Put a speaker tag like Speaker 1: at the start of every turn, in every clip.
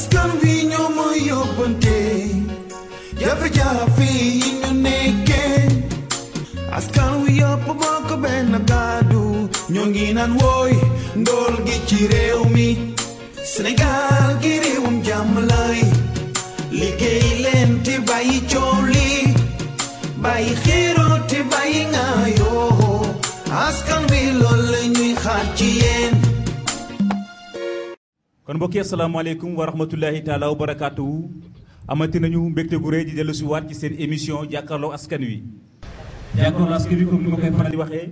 Speaker 1: askan wi ñoo ma yóbbante jafe-jafe yi ñu nekkee askan wi yëpp bokk benn kàddu ñoo ngi naan wooy ndool gi ci réew mi Sénégal gi réewum jàmm liggéey leen te bàyyi coow li bàyyi xiiroo te bàyyi ngaayoo askan wi lool ñuy xaar ci
Speaker 2: kon mbokki asalaamaaleykum wa rahmatullahi taala wa amati nañu mbégte gu rëy di dellu si waat ci seen émission jàkkaarloo askan wi. jàkkaarloo askan wi comme ni ma koy faral di waxee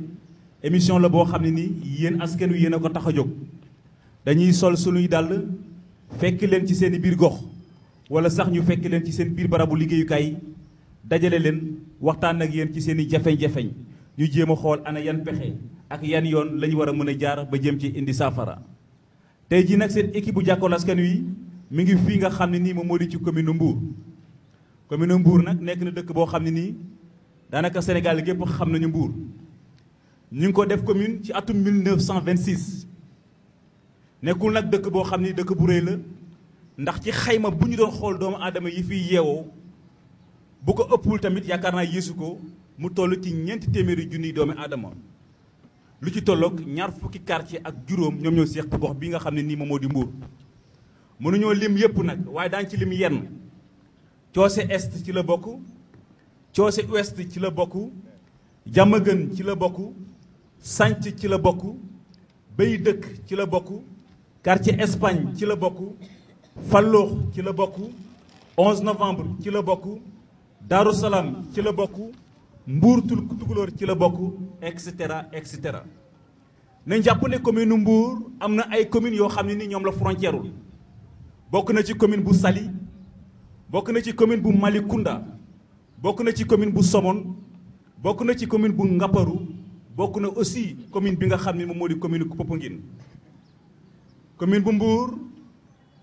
Speaker 2: émission la boo xam ne nii yéen askan wi yéen a ko tax a jóg. dañuy sol sunuy dàll fekk leen ci seen i biir gox wala sax ñu fekk leen ci seen biir barabu liggéeyukaay dajale leen waxtaan ak yéen ci seen i jafeñ-jafeñ ñu jéem a xool ana yan pexe ak yan yoon lañu war a mën a jaar ba jëm ci indi saafara. tey jii nag seen équipe bu jàkkaarloo askan wi mi ngi fii nga xam ne nii moom moo di ci commune Mbour commune Mbour nag nekk na dëkk boo xam ne nii daanaka Sénégal gépp xam nañu mbuur ñu ngi ko def commune ci atum 1926 nekkul nag dëkk boo xam ni dëkk bu rëy la ndax ci xayma bu ñu doon xool doomu aadama yi fii yeewoo bu ko ëppul tamit yaakaar naa yéesu ko mu toll ci ñeenti téeméeri junniy doomi aadama lu ci tolloog ñaar fukki quartier ak juróom ñoom ñoo seq gox bi nga xam ne nii moom di Mbour mënuñoo lim yëpp nag waaye daañu ci lim yenn coose est ci la bokk coose ouest ci la bokk jàmmagën ci la bokk sànc ci la bokk bay dëkk ci la bokk quartier Espagne ci la bokk Falloox ci la bokk 11 novembre ci la bokk Daaru Salaam ci la bokk mbuurtul tukulóor ci la bokk et cetera et cetera nañ jàpp ne commune Mbour am na ay communes yoo xam ne ni ñoom la frontière wul bokk na ci commune bu sali bokk na ci commune bu Malicounda bokk na ci commune bu Somone bokk na ci commune bu Ngaparou bokk na aussi commune bi nga xam ne moom moo di commune Popenguine commune bu Mbour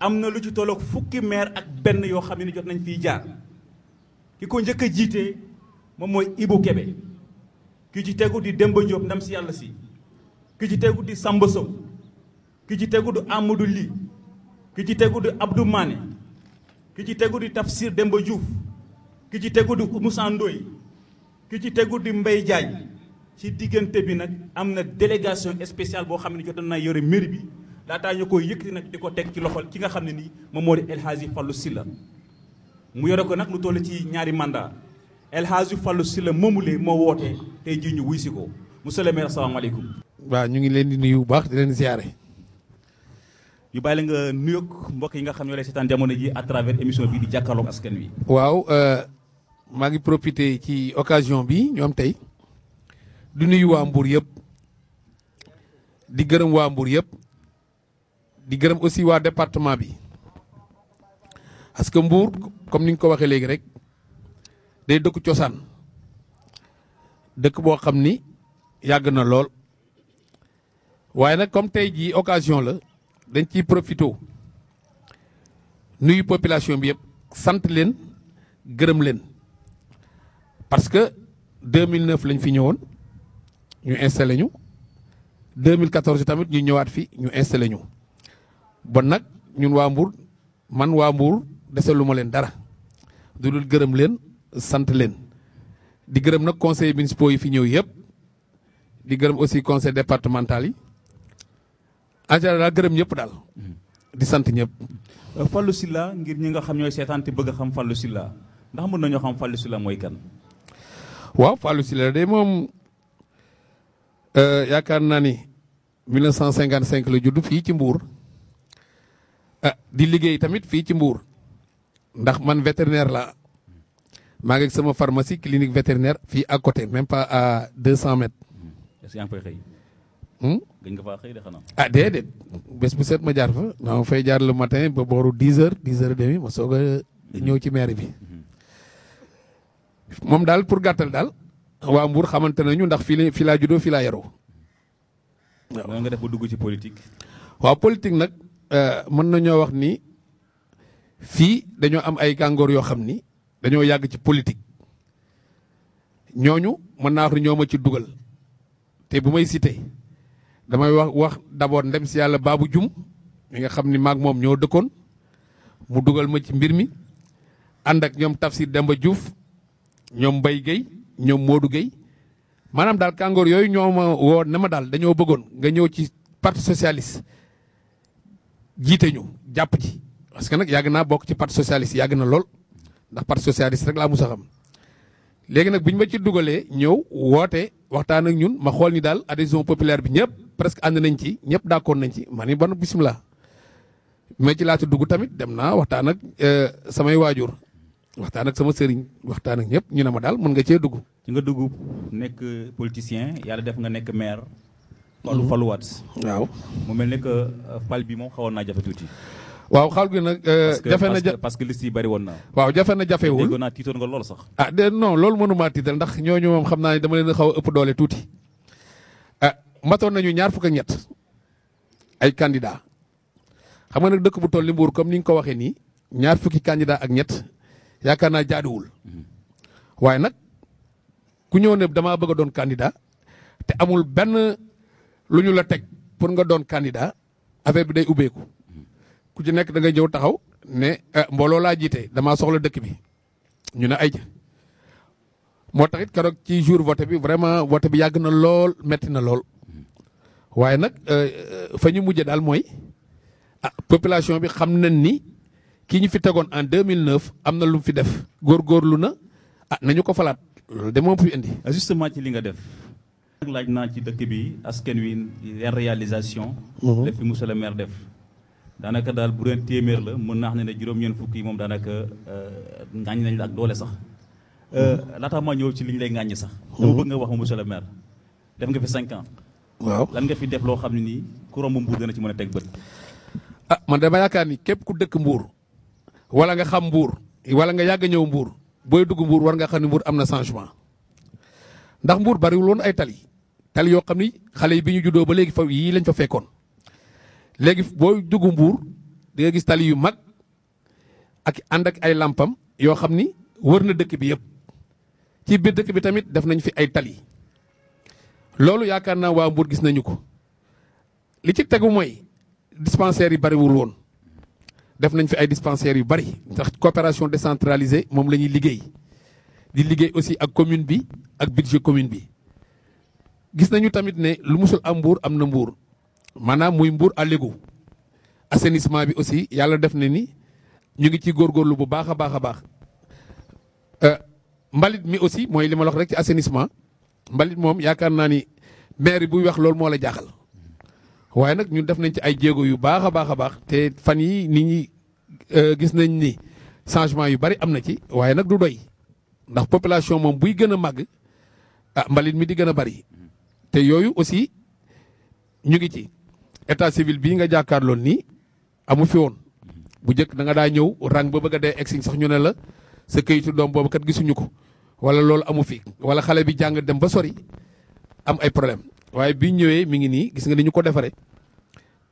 Speaker 2: am na lu ci tolloog fukki maire ak benn yoo xam ne ni jot nañ fiy jaar ki ko njëkk a jiite moom mooy Ibou Kébé ki ci tegu di Demba Diop ndam si yàlla si ki ci tegu di Samba Sow ki ci tegu di Amadou Ly ki ci tegu di Abdou Mané ki ci tegu di Tafsir Demba Diouf ki ci tegu di Moussa ki ci tegu di mbay Diagne ci diggante bi nag am na délégation spéciale boo xam ne jotoon naa yore mairie bi laataa ñu koy yëkkati nag di ko teg ci loxol ki nga xam ne nii moom moo di El Hadji Fallou Sylla mu yore ko nag lu toll ci ñaari mandat El Hadji Fallou Sylla moomulee moo wootee tey jii ñu wuy si ko monsieur le maire asalaamaaleykum.
Speaker 3: waaw ñu ngi leen di nuyu bu baax di leen ziare.
Speaker 2: ñu bàyyi la nga nuyoog mbokk yi nga xam ñoo lay seetaan jamono ji à travers émission bi di jàkkaarloog askan wi.
Speaker 3: waaw euh, maa ngi profité ci occasion bi ñoom tey du nuyu waa Mbour yëpp di gërëm waa Mbour yëpp di gërëm aussi waa département bi parce que Mbour comme ni nga ko waxee léegi rek. day dëkku cosaan dëkk boo xam ni yàgg na lool waaye nag comme tey jii occasion la dañ ciy profité nuy population bi yëpp sant leen gërëm leen parce que 2009 lañ fi ñëwoon ñu installé ñu 2014 tamit ñu ñëwaat fi ñu installé ñu bon nag ñun waa Mbour man waa Mbour deseluma leen dara du dul gërëm leen sant leen di gërëm nag conseil municipaux yi fi ñëw yëpp di gërëm aussi conseil
Speaker 2: départemental yi en général gërëm ñëpp daal di sant ñëpp. Euh, Fallou Sylla ngir ñi nga xam ñooy seetaan te bëgg xam fallu Sylla ndax mën nañoo xam Fallou Sylla mooy kan. waaw Fallou Sylla de moom euh,
Speaker 3: yaakaar naa ni 1955 la judd fii ci Mbour ah di liggéey tamit fii ci Mbour ndax man vétérinaire la maa ngi ak sama pharmacie clinique vétérinaire fii à côté même pas à 200 mètres.
Speaker 2: est-ce que yaa xëy. Hmm? gëj nga faa xëy de
Speaker 3: ah, bu set ma jaar fa ma fay jaar le matin ba booru 10 heures 10 heures et demi ma soog ñëw ci maire bi. Mm-hmm. moom daal pour gàttal daal waa Mbour xamante nañu ndax fii la fii laa juddoo fii laa yaroo. waaw nga def ba dugg ci politique. waaw politique nag euh, mën na ñoo wax ni fii dañoo am ay gàngoor yoo xam ni. dañoo yàgg ci politique ñooñu mën naa wax ñoo ma ci dugal te bu may cité damay wax wax d'abord ndem si yàlla baabu jum mi nga xam ni maak moom ñoo dëkkoon mu dugal ma ci mbir mi ànd ak ñoom Tafsir ba juuf ñoom mbay Guèye ñoom Modou Guèye maanaam daal kàngoor yooyu ñoo ma woo ne ma daal dañoo bëggoon nga ñëw ci parti socialiste jiite ñu jàpp ci parce que nag yàgg naa bokk ci parti socialiste yàgg na lool. ndax parti socialiste rek laa musa xam léegi nag bu ñu ma ci dugalee ñëw woote waxtaan ak ñun ma xool ni daal adhésion populaire bi ñëpp presque ànd nañ ci ñëpp d'accord nañ ci ma ni ban bisimilah. ma ci laata dugg tamit dem naa waxtaan ak euh, samay waajur waxtaan ak sama sëriñ waxtaan ak ñëpp ñu ne ma daal mën nga cee dugg.
Speaker 2: nga duggu nekk politicien yàlla def nga nekk maire. Mhm. falu faluwaat. waaw mu mel ne que pal bi moom xawoon naa jafe tuuti. waaw xaal
Speaker 3: gi nag. Euh, jafe na ja parce que liste yi bari woon naa. waaw jafe na jafewul dégg
Speaker 2: naa tiitoon nga lool sax. ah
Speaker 3: de non loolu mënumaa tiital ndax ñooñu moom xam naa ne dama leen xaw a ëpp doole tuuti ah matoon nañu ñaar fukk ak ñett ay candidat xam nga nag dëkk bu toll ni Mbour comme ni nga ko waxee nii ñaar fukki candidat ak ñett yaakaar naa jaaduwul mm-hmm. waaye nag ku ñëw ne damaa bëgg a doon candidat te amul benn lu ñu la teg pour nga doon candidat affaire bi day ubbeeku. ku ci nekk da ngay jëw taxaw ne eh, mbooloo laa jiite damaa soxla dëkk bi ñu ne ay moo tax it keroog ci jour vote bi vraiment vote bi yàgg na lool metti na lool waaye nag eh, eh, fa ñu mujje daal mooy a ah, population bi xam nañ ni kii ñu fi tegoon en 2009 am na lu fi def góorgóorlu na ah
Speaker 2: nañu ko falaat loolu de moom indi. Ah, justement ci li nga def. laaj naa ci dëkk bi asken wi réalisation. Mhm. la fi monsieur le maire def. daanaka daal bu dee téeméer la mën naa xam ne ne juróom-ñeent fukk yi moom daanaka ngaañ nañ la ak doole sax euh, laata ma ñëw ci li ñu lay ngaañi sax. dama bëgg nga wax ma monsieur le maire. def nga fi cinq ans. waaw lan nga fi def loo xam ne nii ku romb mbuur dana ci mën a teg bët. ah man dama yaakaar ni képp
Speaker 3: ku dëkk mbuur wala nga xam mbuur wala nga yàgg ñëw mbuur booy dugg mbuur war nga xam ne mbuur am na changement ndax mbuur bariwul woon ay tali tali yoo xam ni xale yi bi ñu juddoo ba léegi fa yii lañ fa fekkoon. léegi booy dugg mbuur di nga gis tali yu mag ak ànd ak ay làmpam yoo xam ni wër na dëkk bi yëpp ci biir dëkk bi tamit def nañ fi ay tali loolu yaakaar naa waa mbuur gis nañu ko li ci tegu mooy dispensaires yi bariwul woon def nañ fi ay dispensaires yu bari ndax coopération décentralisée moom la ñuy liggéey di liggéey aussi ak commune bi ak budget commune bi gis nañu tamit ne lu musul am mbuur am na mbuur maanaam muy Mbour à l'égout bi aussi yàlla def na ni ñu ngi ci góorgóorlu bu baax a baax a baax euh, mbalit mi aussi mooy li ma rek ci assainissement mbalit moom yaakaar naa ni maire buy wax loolu moo la jaaxal waaye nag ñu def nañ ci ay jéego yu baax a baax a baax te fan yi nit ñi euh, gis nañ ni changement yu bari am na ci waaye nag du doy ndax population moom buy gën a màgg ah mbalit mi di gën a bari te yooyu aussi ñu ngi ci état civil bii nga jàkkaarloon nii amu fi woon bu njëkk da nga daa ñëw rang ba bëgg a dee egsi sax ñu ne la sa këyitu doom boobu kat gisuñu ko wala loolu amu fi wala xale bi jàng dem ba sori am ay problème waaye bi ñëwee mi ngi nii gis nga ni ñu ko defaree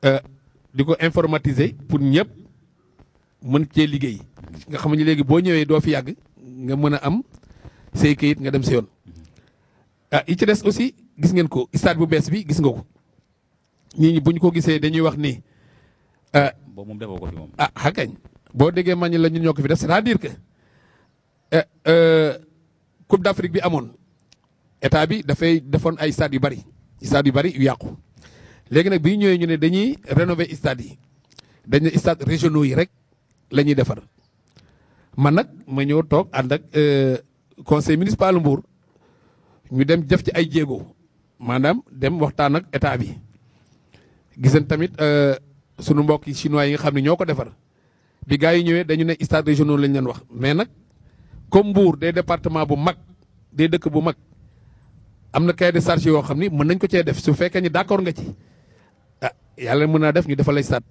Speaker 3: euh, di ko informatiser pour ñëpp mën cee liggéey nga xam ne léegi boo ñëwee doo fi yàgg nga mën a am say këyit nga dem si yoon ah yi ci des aussi gis ngeen ko stade bu bees bi gis nga ko. nit ñi bu ñu ko gisee dañuy wax ni. Euh, boobu
Speaker 2: moom defoo ko moom.
Speaker 3: ah xakañ boo déggee mañ ni la ñun ñoo ko fi def c'est-à-dire que euh, euh, Coupe d'Afrique bi amoon état bi dafay defoon ay stades yu bari stades yu bari yu yàqu. léegi nag bi ñëwee ñu ne dañuy renover stades yi dañ ne stades régionaux yi rek la ñuy defar man nag ma ñëw toog ànd ak conseil municipal Mbour ñu dem def ci ay jéego maanaam dem waxtaan ak état bi. gis nañ tamit euh, sunu mbokk chinois yi nga xam ne ñoo ko defar bi gars yi ñëwee dañu ne stade régional lañ leen wax mais nag comme Mbour des département bu mag des dëkk bu mag am na cahier de charge yoo xam ni mën nañ ko cee def su fekkee ni d'accord nga ci ah yàlla mën naa def ñu defal lay stade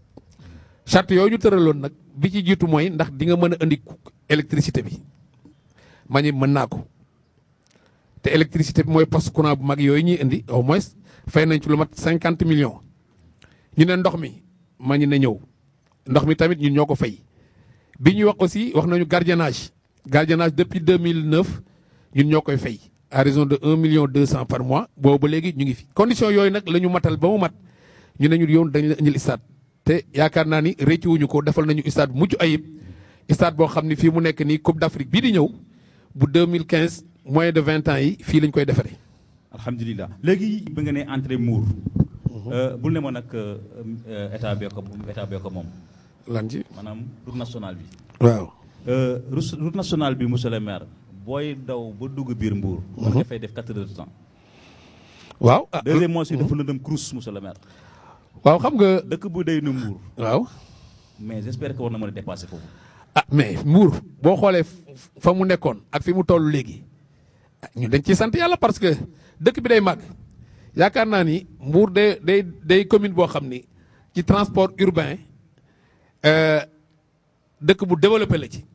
Speaker 3: charte yooyu ñu tëraloon nag bi ci jiitu mooy ndax di nga mën a indi électricité bi ma mën naa ko te électricité bi mooy poste courant bu mag yooyu ñuy indi au moins fay nañ ci lu mat cinquante millions. ñu ne ndox mi ma ñu ne ñëw ndox mi tamit ñun ñoo ko fay bi ñuy wax aussi wax nañu gardiennage gardiennage depuis 2009 ñun ñoo koy fey à raison de 1 million 200 par mois boobu ba léegi ñu ngi fi. condition yooyu nag lañu ñu matal ba mu mat ñu ne ñu yoon dañu la indil stade te yaakaar naa ni réccuwuñu ko defal nañu stade bu mucc ayib stade boo xam ni fii mu nekk nii Coupe d'Afrique bii di ñëw bu 2015 moins de 20 ans yi fii lañ koy defaree. alhamdulilah
Speaker 2: léegi bi nga ne entrée Mbour Euh, bul ne ma nag euh, euh, état bee ko état bee moom. lan ci maanaam route nationale bi. waaw. route nationale bi monsieur booy daw ba dugg biir Mbour. war nga mhm. fay def 4 heures de temps. waaw ah deuxième mois si dafa la dem Crous waaw xam nga. dëkk bu day nu Mbour. waaw. mais j'espère que war na mën a dépasser foofu.
Speaker 3: ah mais Mbour boo xoolee fa mu nekkoon ak fi mu toll léegi ah, ñu dañ ciy sant yàlla parce que dëkk bi day màgg. yaakaar naa ni Mbour de day day commune boo xam ni ci transport urbain euh, dëkk bu développé la ci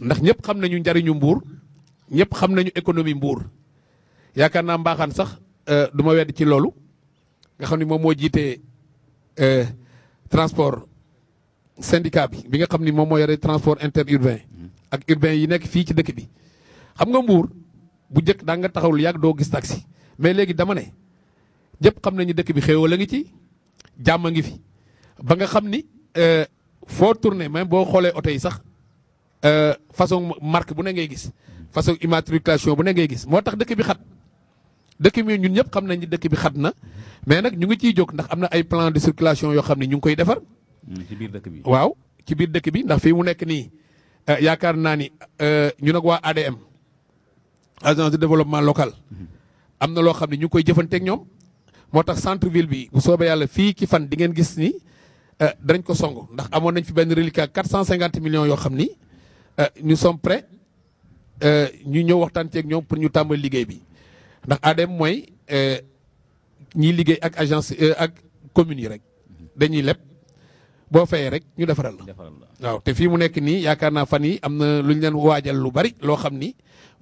Speaker 3: ndax ñëpp xam nañu njariñu mbuur ñëpp xam nañu économie Mbour yaakaar naa mbaaxaan sax euh, du ma wedd ci loolu nga xam ni moom moo jiitee euh, transport syndicat bi bi nga xam ni moom moo yore transport interurbain ak urbain yi nekk fii ci dëkk bi xam nga mbuur bu njëkk daa nga taxawul yàgg doo gis taxi mais léegi dama ne ñëpp xam nañu dëkk bi xéewal a ngi ci jàmm a ngi fi ba nga xam ni euh, foo tourné mais boo xoolee oto yi sax euh, façon marque bu ne ngay gis façon immatriculation bu ne gis moo tax dëkk bi xat dëkk bi ñun ñëpp xam nañ ni dëkk bi xat na mais nag ñu ngi ciy jóg ndax am na ay plan de circulation yoo xam ni ñu ngi koy defar.
Speaker 2: Mm, ci biir dëkk bi
Speaker 3: waaw ci biir dëkk bi ndax fii mu nekk nii euh, yaakaar naa ni ñu nag waa ADM agence de développement local. Mm-hmm. am na loo xam ne ñu koy jëfanteeg ñoom moo tax centre ville bi bu soobee yàlla fii ci fan di ngeen gis ni euh, dañ ko song ndax amoon nañ fi benn cent 450 millions yoo xam ni euh, ñu sommes prêts euh, ñu ñëw waxtaan ceeg ñoom pour ñu tàmbali liggéey bi ndax ADM e mooy ñiy liggéey ak agence ak communes yi rek dañuy leb boo fayee rek ñu defaral la waaw te fii mu nekk nii yaakaar naa fan yi am na lu ñu leen waajal lu bari loo xam ni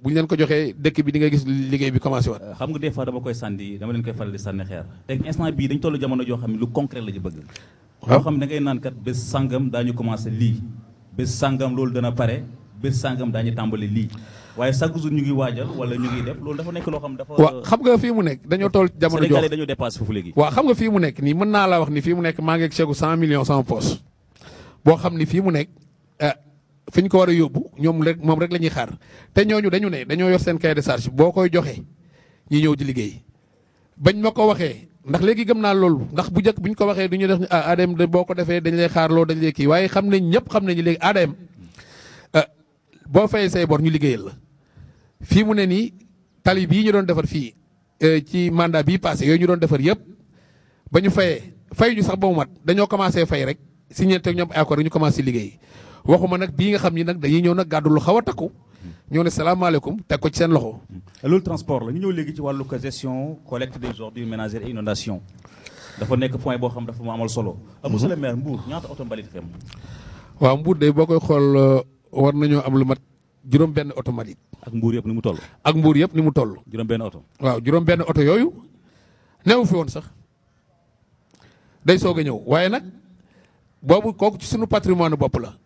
Speaker 2: bu ñu leen ko joxee dëkk bi di nga gis liggéey bi commencé waat. xam nga des fois dama koy sànni dama leen koy faral di sànni xeer. léegi instant bii dañ jamono joo xam lu concret la ñu bëgg. da ngay naan kat bés sàngam daañu commencé lii bés sàngam loolu dana pare bés sàngam daañu tàmbali loo xam dafa. waaw xam nga fii mu nekk dañoo toll jamono joo Sénégalais dañoo dépassé foofu léegi.
Speaker 3: waaw nii mën naa laa wax ni fii mu nekk maa ngi ak chèque 100 millions sama boo xam ni fii mu nekk eh, fi ñu ko war a yóbbu ñoom rek moom rek la ñuy xaar te ñooñu dañu ne dañoo yor seen cahier de charge boo koy joxee ñi ñëw di liggéey bañ ma ko waxee ndax léegi gëm naa loolu ndax bu njëkk bu ñu ko waxee du ñu def ah ADM de boo ko defee dañ lay xaar loolu dañ lay kii waaye xam nañ ñëpp xam nañu léegi ADM ah, boo fayee say bor ñu liggéeyal la fii mu ne nii tali bii ñu doon defar fii eh, ci mandat bii passé yooyu ñu doon defar yëpp ba ñu fayee fay ñu sax ba mu mat dañoo commencé fay rek si signé te ñoom accord ñu commencé liggéey waxuma nag bii nga xam ni nag dañuy ñëw nag gàddu xaw a takku ñoo ne salaamaaleykum teg ko ci seen loxo.
Speaker 2: loolu transport la ñu ñëw léegi ci wàllu gestion collecte des ordures ménager et inondation dafa nekk point boo xam dafa mu amal solo. Mhm. monsieur le maire Mbour ñaata oto mbalit fi am.
Speaker 3: waaw Mbour de boo koy xool euh, war nañoo am lu mat juróom benn auto mbalit. ak Mbour yëpp ni mu toll. ak Mbour yëpp ni mu toll. juróom benn oto. waaw juróom benn oto yooyu neewu fi woon sax day soog a ñëw waaye nag boobu kooku ci suñu patrimoine bopp la.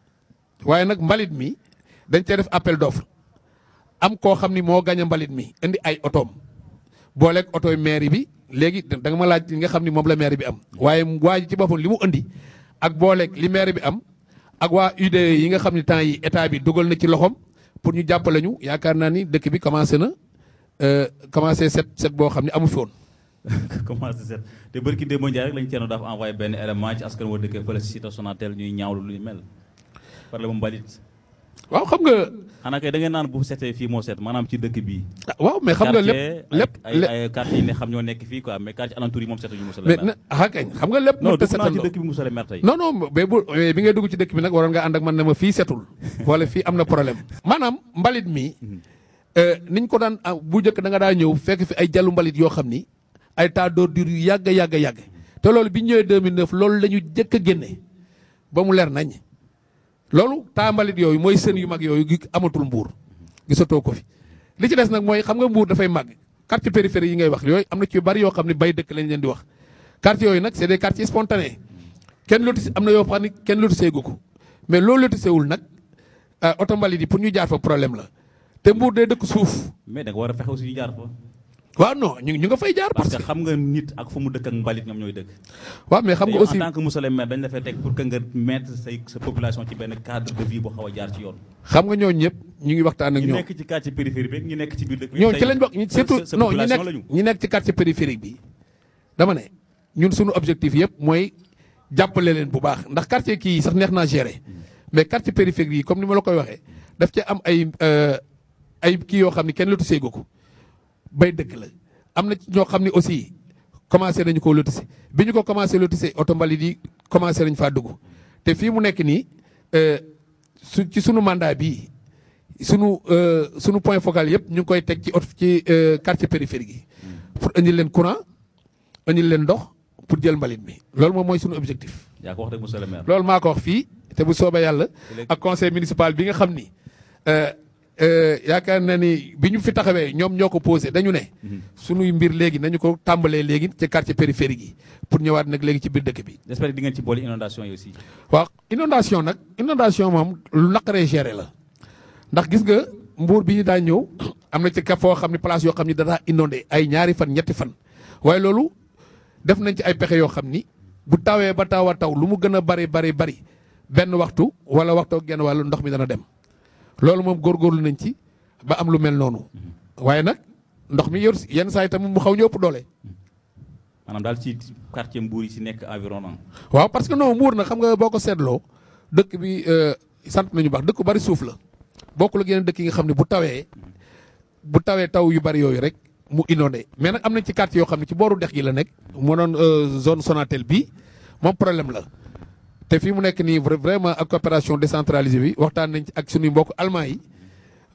Speaker 3: waaye nag mbalit mi dañ cee def appel d'offre am koo xam ni moo gañ mbalit mi indi ay otoom booleeg otoy mairie bi léegi da nga ma laaj li nga xam ni moom la mairie bi am waaye waa ji ci boppam li mu indi ak booleeg li mairie bi am ak waa UDE yi nga xam ni temps yi état bi dugal na ci loxoom pour ñu jàppale ñu yaakaar naa ni dëkk bi commencé na euh, commencé set set boo xam ne amul foon.
Speaker 2: commencé set te barki Demba Ndiaye rek lañu cee doon dafa envoyé benn lu mel. par la mbalit waaw xam nga. xanaa kay da ngeen naan bu setee fii moo set maanaam ci dëkk bi ah, waaw mais xam nga lépp lépp ay ay quartier ne xam ñoo nekk fii quoi mais quartier alentour yi moom setuñu Moussa Lemar. mais ah kañ xam nga lépp. non dugg naa ci dëkk bi Moussa Lemar tey.
Speaker 3: non non eh, fii am na problème. maanaam mbalit mi mhm. eh, niñ ko daan ah, bu njëkk da nga daa ñëw fekk fi ay jallu mbalit yoo xam ni ay tas d'ordures yu yàgg yàgg yàgg te loolu bi ñu ñëwee 2009 loolu la ñu jëkk a génne ba mu leer nañ loolu taambalit yooyu mooy sën yu mag yooyu gi amatul mbuur gisatoo ko fi li ci des nag mooy xam nga mbuur dafay màgg quartier périphérie yi ngay wax yooyu am na ci bari yoo xam ne bay dëkk lañ leen di wax quartier yooyu nag c'est des quartiers spontanés kenn lotissé am na yoo xam ne kenn lotissé gu ko mais loolu lotissé wul nag euh, oto mbalit yi pour ñu jaar fa problème la te mbuur day dëkk
Speaker 2: suuf. mais da war a fexe aussi ñu jaar fa. waaw non ñu ñu nga fay jaar. parce que xam nga nit ak fu mu dëkk ak mbalit ñoom ñooy dëkk. waaw mais xam nga aussi en tant que monsieur le maire dañ benn cadre de vie a jaar ci yoon. xam nga ñooñu ñëpp ñu ngi waxtaan ak ñoom ñu nekk ci quartier périphérique bi ñu nekk ci biir dëkk bi. ñooñu
Speaker 3: dama ne ñun sunu objectif yëpp mooy jàppale leen bu baax ndax quartier kii sax neex na gérer hmm. mais quartier périphérique yi comme ni ma la koy waxee daf ci am ay euh, ay kii yoo xam ne kenn la tuseegu ko bay dëkk la am na ci ñoo xam ne aussi commencé nañu ko lotissé bi ñu ko commencé lotissé oto mbalit yi commencé nañ faa dugg te fii mu nekk nii euh, su ci sunu mandat bi sunu euh, sunu point focal yëpp ñu ngi koy teg ci oto ci euh, quartier périphérique yi. pour indil leen courant indil leen ndox pour jël mbalit mi loolu moom mooy sunu objectif.
Speaker 2: yaa ko wax rek monsieur le maire.
Speaker 3: loolu maa ko wax fii te bu soobee yàlla. ak conseil municipal bi nga xam ni. Euh, yaakaar na ni bi ñu fi taxawee ñoom ñoo ko posé dañu ne. suñuy mbir léegi nañu ko tàmbalee léegi ci quartier périphérique gi pour ñëwaat nag léegi ci biir dëkk bi. j'espère di ngeen ci boole inondation yi aussi. waaw inondation nag inondation moom lu naqaree géré la ndax gis nga mbuur bi ñu daa ñëw am na ci ka foo xam ne place yoo xam ne danaa inondé ay ñaari fan ñetti fan waaye loolu def nañ ci ay pexe yoo xam ni bu tawee ba taw a taw lu mu gën a bari bari bari benn waxtu wala waxtu genn wàllu ndox mi dana dem. loolu moom góorgóorlu nañ ci ba am lu mel noonu waaye nag ndox mi yor yenn saa yi tamit mu xaw ñu ëpp doole.
Speaker 2: maanaam daal ci quartier Mbour yi si nekk environnement.
Speaker 3: waaw parce que non Mbour na xam nga boo ko seetloo dëkk bi euh, sant nañu baax dëkk bari suuf la bokkul ak yeneen dëkk yi nga xam ne bu tawee bu tawee taw yu bari yooyu rek mu indoone mais nag am nañ ci quartier yoo xam ne ci booru dex gi la nekk. moo doon euh, zone Sonatel bi moom problème la. te fii mu nekk nii vraiment ak coopération décentralisée bi waxtaan nañ ci ak suñuy mbokk allemand yi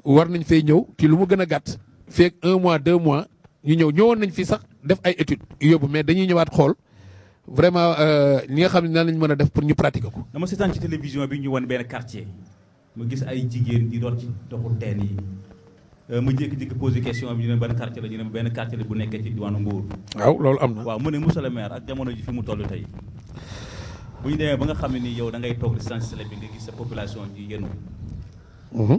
Speaker 3: war nañ fay ñëw ci lu mu gën a gàtt. feeg un mois deux mois ñu ñëw ñëwoon nañ fi sax def ay études yóbbu mais dañuy
Speaker 2: ñëwaat xool. vraiment ñi euh, nga xam ne nan lañ mën a def pour ñu pratiquer ko. dama seetaan ci télévision bi ñu won benn quartier ma gis ay jigéen di doon ci doxu teen yi euh, ma jékki-jékki posé question bi ñu ne benn quartier la ñu ne benn quartier la nekkee ci diwaanu Mbour. waaw loolu am na waaw mu ne monsieur ji fi mu toll tey bu ñu demee ba nga xam ne yow da ngay toog di sensibiliser bi nga gis sa population di mhm.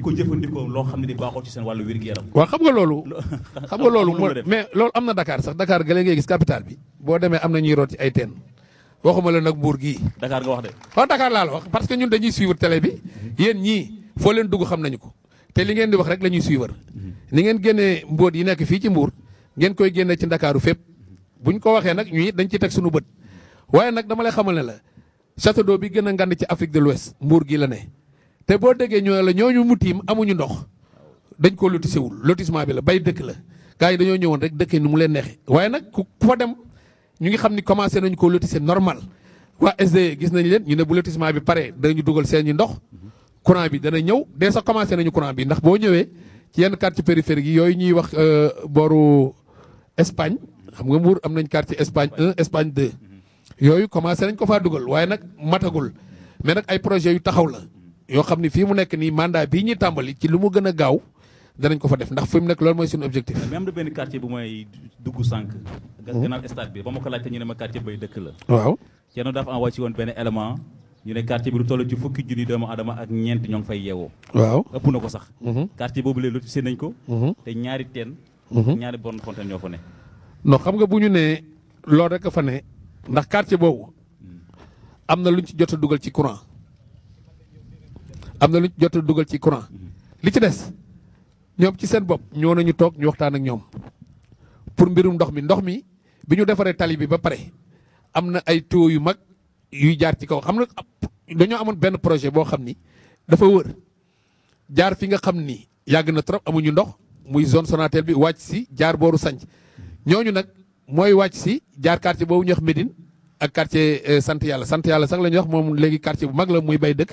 Speaker 2: ko jëfandikoo loo xam ne di ci seen wàllu wér-gu-yaram waaw xam nga loolu xam nga loolu mais
Speaker 3: loolu am na Dakar sax Dakar ga ngay capital bi boo demee am na ñuy root ci ay teen waxuma la nag mbuur gii Dakar nga wax de waaw Dakar laa wax parce que ñun dañuy suivre télé bi yéen ñii foo leen dugg xam nañu ko te li ngeen di wax rek la ñuy suivre mhm. ni ngeen génnee mbóot yi nekk fii ci mbuur ngeen koy génne ci ndakaaru fépp bu ñu ko waxee nag ñu it dañ ci teg suñu bët waaye nag dama lay xamal ne la château d'eau bi gën a ci Afrique de l'Ouest mbuur gi la ne te boo déggee ñoo la ñooñu mu tiim amuñu ndox dañ ko lotisewul lotissement bi la bay dëkk la gars yi dañoo ñëwoon rek dëkk nu mu leen neexee waaye nag ku fa dem ñu ngi xam ni commencé nañu ko lotissé normal waa SDE gis nañ leen ñu ne bu lotissement bi pare ñu dugal seen i ndox courant bi dana ñëw dee sa commencé nañu courant bi ndax boo ñëwee ci yenn quartier périphérique yi yooyu ñuy wax euh, booru Espagne xam nga Mbour am nañ quartier Espagne 1 Espagne yooyu commencé nañ ko faa dugal waaye nag matagul mais nag ay projet yu taxaw la yoo xam ni fii mu nekk nii mandat bii ñuy tàmbali ci lu mu gën a gaaw
Speaker 2: danañ ko fa def ndax fi mu nekk loolu mooy suñu objectif. mais am na benn quartier bu may dugg sànq. Hmm. gannaaw bi ba ma ko laajte ñu ne ma quartier bay dëkk la. waaw kenn dafa envoyé ci woon benn élément. ñu ne quartier bi lu toll ci fukki junni doomu adama ak ñeent ñoo fay yeewoo. waaw ëpp na ko sax. Hmm. quartier boobu léegi lotissé nañ ko. Hmm. te ñaari teen. ñaari borne
Speaker 3: ndax quartier boobu am na lu ci jot a dugal ci courant am na lu ñu jot a dugal ci courant li ci des ñoom ci seen bopp ñoo nañu toog ñu waxtaan ak ñoom pour mbirum ndox mi ndox mi bi ñu defaree tali bi ba pare am na ay tuyaux yu mag yuy jaar ci kaw xam nga dañoo amoon benn projet boo xam ni dafa wër jaar fi nga xam ni yàgg na trop amuñu ndox muy zone Sonatel bi wàcc si jaar booru sanc ñooñu nag mooy wàcc si jaar quartier boobu ñuy wax Médine ak quartier euh, sant yàlla sant yàlla sax la ñuy wax moom léegi quartier bu mag la muy bay dëkk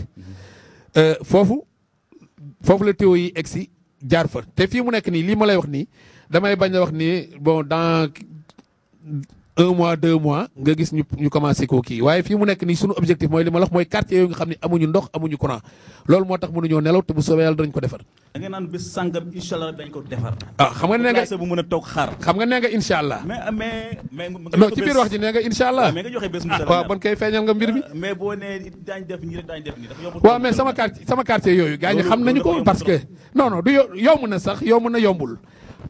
Speaker 3: euh, foofu foofu la tuyau yi egg si jaar fa te fii mu nekk nii lii ma lay wax nii damay bañ a wax nii bon dans un mois de mois nga gis ñu ñu commencé koo kii waaye fii mu nekk ni suñu objectif mooy li ma la wax mooy quartier yooyu nga xam ne amuñu ndox amuñu courant loolu moo tax mënuñoo nelaw te bu soobee ah,
Speaker 2: a toog xaar. xam nga nee nga incha allah. mais ah, mais mais. non ci biir wax ji nee nga ah, boo nee daañu def
Speaker 3: sama quartier sama quartier yooyu. gaañ xam nañu ko parce que non non du yomb na
Speaker 2: sax yomb na yombul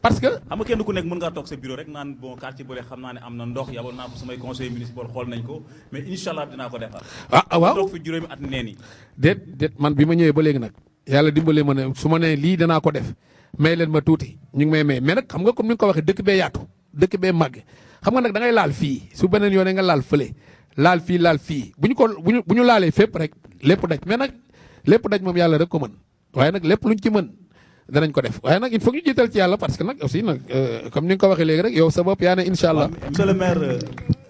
Speaker 2: parce que xam nga kenn ku nekk mën ngaa toog sa bureau rek naan bon quartier bële xam naa ne am na ndox yabal naa ko samay conseil municipal xool nañ ko mais incha allah dinaa ko defar. ah, ah waaw juróomi at neen yi.
Speaker 3: déet déet man bi ma ñëwee ba léegi nag yàlla dimbale ma ne su ma nee lii danaa ko def may leen ma tuuti ñu ngi may may mais nag xam nga comme ni nga ko waxee dëkk bee yaatu dëkk bee màgg xam nga nag da ngay laal fii su beneen yoonee nga laal fële laal fii laal fii bu ñu ko bu bu ñu laalee fépp rek lépp daj mais nag lépp daj moom yàlla rek ko mën waaye danañ ko def waaye nag il faut ñu jiital ci yàlla parce que nag aussi nag euh, comme ni ko waxee léegi rek yow sa bopp yaa ne incha allah. monsieur le maire euh,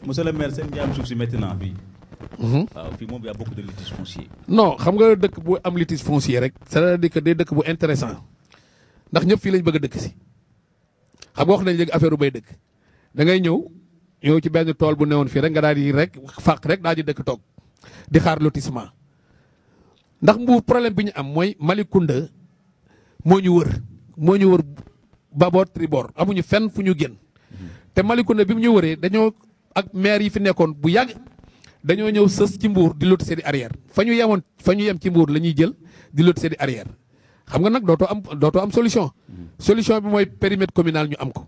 Speaker 2: monsieur le maire seen jaam suuf si métti bi mhm. waaw fii moom y' a
Speaker 3: xam nga dëkk bu am litige foncier rek. sa à dee que dëkk bu intéressant ndax ñëpp fii lañ bëgg a dëkk si xam nga wax nañ léegi affaire bay dëkk da ngay ñëw ñëw ci benn tool bu newoon fii rek nga daal di rek fàq rek daal di dëkk toog di xaar lotissement ndax bu problème bi ñu am mooy Malicounda moo ñu wër moo ñu wër baboor tribord amuñu fen fu ñu génn te Malicounda bi mu ñu wëree dañoo ak maire yi fi nekkoon bu yàgg dañoo ñëw sës ci mbuur di lot seeni arrière fa ñu yemoon fa ñu yem ci mbuur la ñuy jël di lot seeni arrière xam nga nag dootoo am dootoo am solution solution bi mooy périmètre communal ñu am ko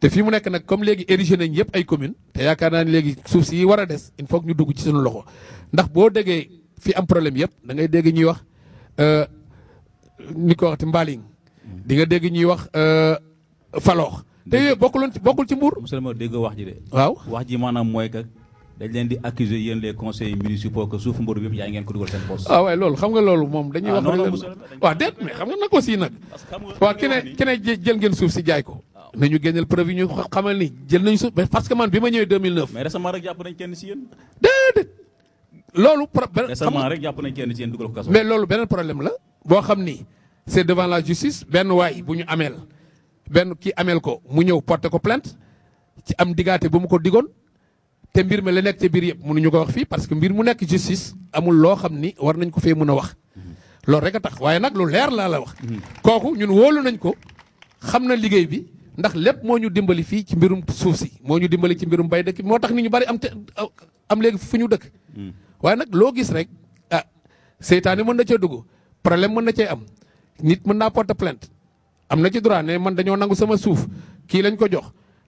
Speaker 3: te fii mu nekk nag comme léegi érigé nañ yëpp ay commune te yaakaar naa ne léegi suuf si war a des il faut ñu dugg ci suñu loxo ndax boo déggee fi am problème yëpp da dégg ñuy wax euh, ni ko waxati mbaling mm. di
Speaker 2: nga dégg ñuy wax euh, faloox te yooyu bokkul bokkul ci mbuur monsieur le maire dégg wax ji de waaw wax ji maanaam mooy que dañ leen di accuser yéen les conseils municipaux que suuf mbuur bi yëpp yaa ngeen ko
Speaker 4: dugal seen poste
Speaker 3: ah waaye loolu xam nga loolu moom dañuy ah, wax waaw déet mais xam nga nag aussi nag waaw ki ne jël ngeen suuf si jaay ko na génneel preuve yi ni jël nañu suuf mais parce que man bi ma ñëwee 2009 mais récemment rek jàpp nañ kenn si yéen déedéet loolu récemment loolu beneen problème la boo xam ni c'est devant la justice benn waay bu ñu ameel benn kii ameel ko mu ñëw porter ko plainte ci am digaate bu mu ko diggoon te mbir mi la nekk ca biir yëpp mënuñu ko wax fii parce que mbir mu nekk justice amul loo xam ni war nañ ko fee mën a wax loolu rek a tax waaye nag lu leer laa la wax kooku ñun wóolu nañ ko xam na liggéey bi ndax lépp moo ñu dimbali fii ci mbirum suuf si moo ñu dimbali ci mbirum bay dëkk moo tax nit ñu bari am te am léegi fu ñu dëkk hmm. waaye nag loo gis rek ah seytaane mën na cee dugg problème mën na cee am nit mën naa porter plainte am na ci droit ne man dañoo nangu sama suuf kii lañ ko jox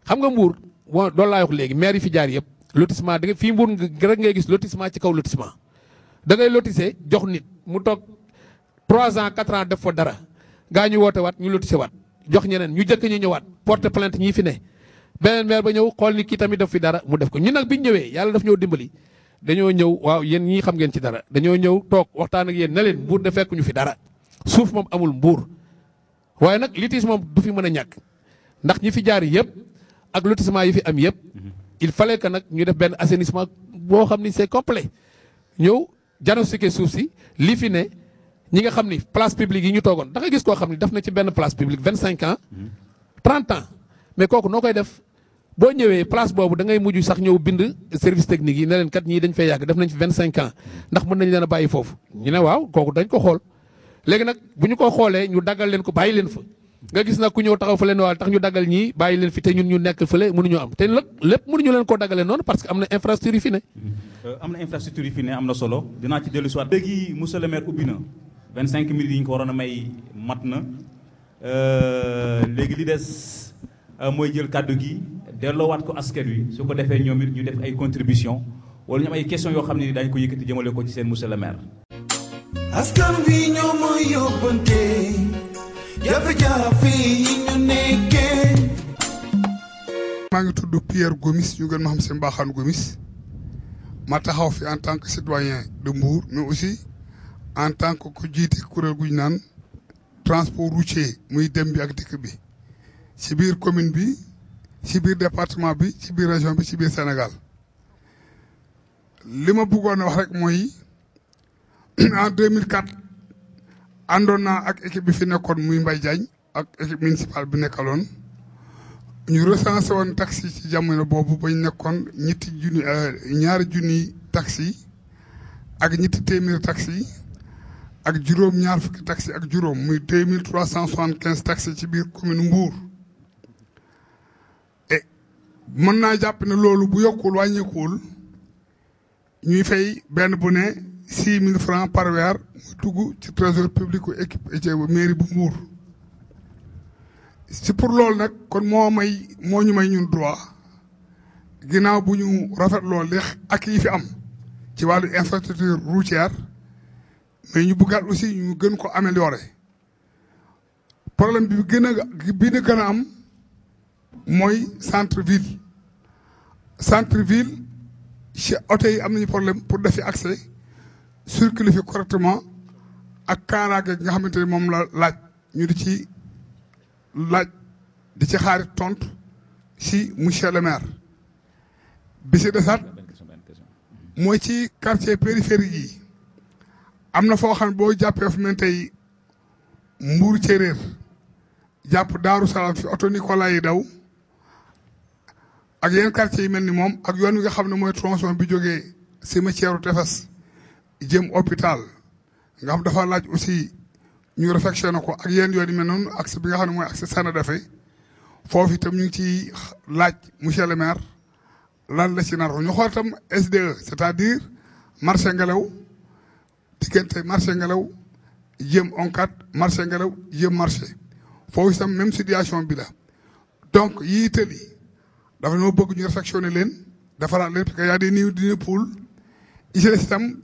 Speaker 3: xam nga mbuur bon loolu laa wax léegi maire yi fi jaar yëpp lotissement da nga fii mbuur rek ngay gis lotissement ci kaw lotissement da ngay lotissé jox nit mu toog 3 ans 4 ans def fa dara gaa ñu woote waat ñu lotissé waat jox ñeneen ñu jëkk ñu ñëwaat porter plainte ñii fi ne beneen maire ba ñëw xool ni kii tamit def fi dara mu def ko ñun nag bi ñu ñëwee yàlla daf ñëw dimbali dañoo ñëw waaw yéen ñii xam ngeen ci dara dañoo ñëw toog waxtaan ak yéen ne leen mbuur de fekk ñu fi dara suuf moom amul mbuur waaye nag litige moom du fi mën a ñàkk ndax ñi fi jaar yëpp ak lotissement yi fi am yëpp mhm. il fallait que nag ñu def benn assainissement boo xam ni c'est complet ñëw diagnostiquer suuf si li fi ne ñi nga xam ni place publique yi ñu toogoon da nga gis koo xam ni daf na ci benn place publique vingt cinq ans mhm. trente ans mais kooku noo koy def boo ñëwee place boobu dangay ngay mujj sax ñëw bind service technique yi ne leen kat ñii dañ fay yàgg def nañ fi vingt cinq ans ndax mën nañ leen a bàyyi foofu ñu ne waaw kooku dañ ko xool léegi nag bu ñu ko xoolee ñu daggal leen ko bàyyi leen fa nga gis nag ku ñëw taxaw fa leen waaye tax ñu daggal ñii bàyyi leen fi te ñun ñu nekk fële mënuñu am te lépp mënuñu leen koo daggalee noonu parce que am na infrastructure yi fi ne.
Speaker 2: Euh, am na infrastructure yi fi am na solo dinaa ci dellu si waat. léegi monsieur le maire ubbi na 25 minutes yi ñu mat na euh, léegi li des euh, mooy jël kàddu gi delloowaat ko askan wi su ko defee ñoomi ñu def ay contribution wala ñu ay question yoo xam ne dañ ko yëkkati jëmale ko ci seen monsieur le maire.
Speaker 5: askan wi ñoo ma yóbbante jafe-jafe yi ñu nekkee. maa ngi tudd Pierre Gomis ñu gën ma xam seen mbaaxaan Gomis ma taxaw fi en tant que citoyen de mais aussi en tant que ku jiite kuréel gu naan transport routier muy dem bi ak dikk bi ci biir commune bi. ci biir département bi ci biir région bi ci biir Sénégal li ma bëggoon wax rek mooy mille 2004 àndoon naa ak équipe bi fi nekkoon muy Mbaye ak équipe municipale bi nekkaloon ñu recensé woon taxi ci jamono boobu ba ñu nekkoon ñetti junni euh, ñaari junni taxi ak ñetti téeméeri taxi ak juróom ñaar fukki taxi ak juróom muy deux mille trois cent soixante quinze taxi ci biir commune Mbour. mën naa jàpp ne loolu bu yokkul wàññikuwul ñuy fay benn bu ne six mille francs par mu dugg ci trésor public ku équipe eh, ci mairie bu Mbour si pour loolu nag kon moo may moo ñu may ñun droit ginnaaw bu ñu rafet lool li ak yi fi am ci wàllu infrastructure routière mais ñu bëggaat aussi ñu gën ko améliorer problème bi gën a bi gën a am mooy centre ville centre ville ci oto yi am nañu problème pour defi accès circuler fi correctement ak kaaraange gi nga xamante ni moom la laaj ñu di ci laaj di ci xaari tontu ci monsieur le maire bi ci desaat mooy ci quartier périphérique yi am na foo xam boo jàppee fu mel tey mbuur céréer jàpp daaru salaam fi oto Nicolas yi daw ak yenn quartier yi mel ni moom ak yoon wi nga xam ne mooy tronçon bi jógee cimetière tefes jëm hôpital nga xam dafa laaj aussi ñu réfectionné ko ak yenn yoon yi mel noonu ak bi nga xam ne mooy accès Sandafe foofu itam ñu ngi ciy laaj monsieur le maire lan la ci nar ñu xool itam SDE c'est-à-dire marché ngelaw diggante marché ngelaw jëm onkat marché ngelaw jëm marché foofu itam même situation bila donc yii tëli dafa ñoo bëgg ñu réfectionné leen defaraat leen parce que y a des niveaux dina pool ici tam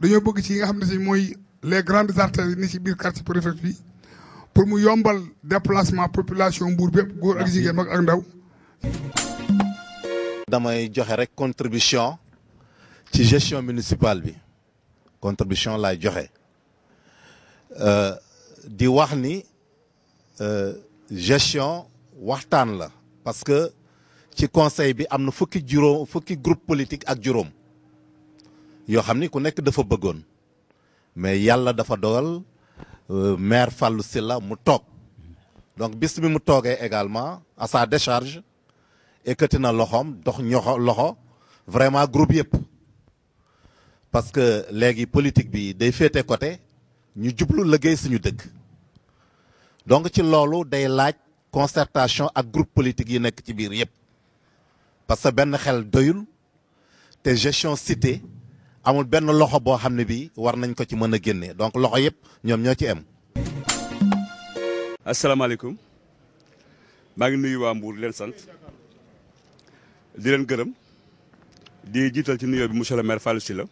Speaker 5: dañoo bëgg ci yi nga xam ne si mooy les grandes artères yi ni ci biir quartier périphérique bi pour mu yombal déplacement population mbuur bépp góor ak jigéen mag ak ndaw
Speaker 6: damay joxe rek contribution ci gestion municipale bi contribution laay joxe euh, di wax ni euh, gestion waxtaan la ci conseil bi am na fukki juróom fukki groupe politique ak juróom yoo xam ni ku nekk dafa bëggoon mais yàlla dafa dogal euh, maire si la mu toog donc bis bi mu toogee également à sa décharge ekkati na loxoom dox ñoxo loxo vraiment groupe yëpp parce que léegi politique bi day féete côté ñu jublu liggéey suñu dëkk donc ci loolu day laaj concertation ak groupe politique yi nekk ci biir yëpp parce que benn xel doyul te gestion cité amul benn loxo boo xam ne bii war nañ ko ci mën a génne donc loxo yëpp ñoom ñoo ci am.
Speaker 2: asalaamaaleykum maa ngi nuyu waa mbuur di leen sant di leen gërëm di jiital ci nuyoo bi monsieur le maire si la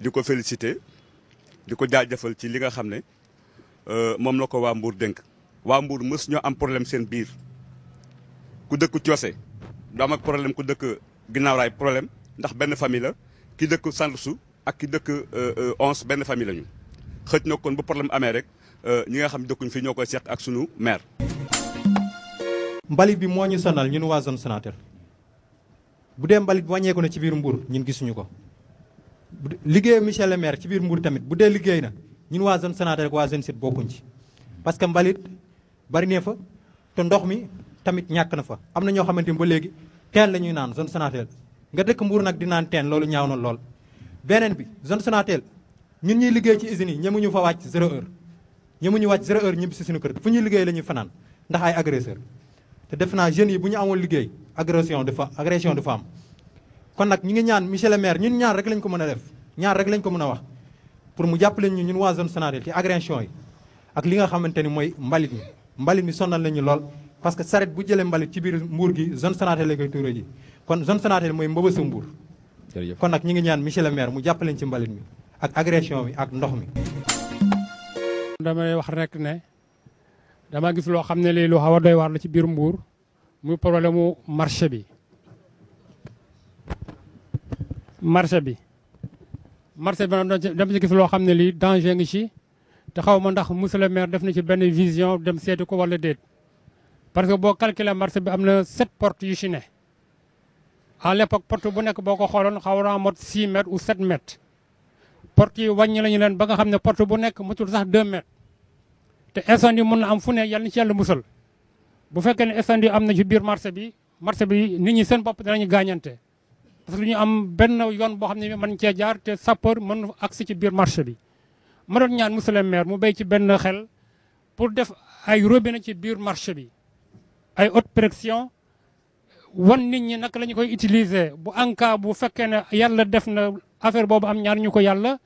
Speaker 2: di ko félicité di ko jaajëfal ci li nga xam ne euh, moom la ko waa mbuur dénk. waa mbuur mës ñoo am problème seen biir ku dëkk coose du am ak problème ku dëkk ginnaaw problème ndax benn famille la ki dëkk Sandassou ak ki dëkk euh, onze benn famille lañu xëj na ba bu problème amee rek euh, ñi nga xam dëkkuñ fii ñoo koy seq ak sunu
Speaker 1: maire. mbalit bi moo ñu sonal ñun waa zone Sonatel bu dee mbalit bi wàññeeku na ci biir Mbour ñun gisuñu ko liggéey monsieur le maire ci biir mbuur tamit bu dee liggéey na ñun waa zone Sonatel ak waa bokkuñ ci parce que mbalit bari na fa te ndox mi. tamit ñàkk na fa am na ñoo xamante ni ba léegi teen la ñuy naan zone Sonatel nga dëkk Mbour nag di naan teen loolu ñaaw na lool beneen bi zone Sonatel ñun ñuy liggéey ci usines yi ñu fa wàcc zéro heure ñemuñu wàcc zéro heure ñibbi si suñu kër fu ñuy liggéey la ñuy fanaan ndax ay agresseur te def naa jeunes yi bu ñu amoon liggéey agression dafa agression dafa am kon nag ñu ngi ñaan monsieur le maire ñun ñaar rek lañ ko mën a def ñaar rek lañ ko mën a wax pour mu jàppale ñu ñun waa zone Sonatel ci agression yi ak li nga xamante ni mooy mbalit mi mbalit mi sonal nañu lool parce que saret bu jëlee mbalit ci biir mbuur gi zone Sonatel la koy tuuree ji kon zone Sonatel mooy mbëbësu mbuur kon nag ñi ngi ñaan monsieur le maire mu jàppaleñ ci mbalit mi ak agression bi ak ndox mi damay wax rek ne
Speaker 7: gis loo xam ne lii lu xaw a doy la ci biir mbuur muy problème mu marché bi marché bi marché bi dama ci gis loo xam ne lii danger ngi ci te xaw ma ndax monsieur le maire def na ci benn vision dem seeti ko wala déet parce que boo calculer marché bi am na sept portes yu ci ne à l'époque porte bu nekk boo ko xooloon xaw naa mot six mètres ou sept mètres porte yi wàññi lañu leen ba nga xam ne porte bu nekk matul sax deux mètres te yi mun na am fu ne yàlla na ci yàlla musal bu fekkee ne yi am na ci biir marché bi marché bi nit ñi seen bopp danañu gaañante parce que ñu am benn yoon boo xam ne mën cee jaar te sapeur mën agsi ci biir marché bi ma ñaan monsieur maire mu béy ci benn xel pour def ay ci biir marché bi ay haute pression wan nit ñi naka la ñu koy utiliser bu en bu fekkee ne yàlla def na affaire boobu am ñaar ñu ko yàlla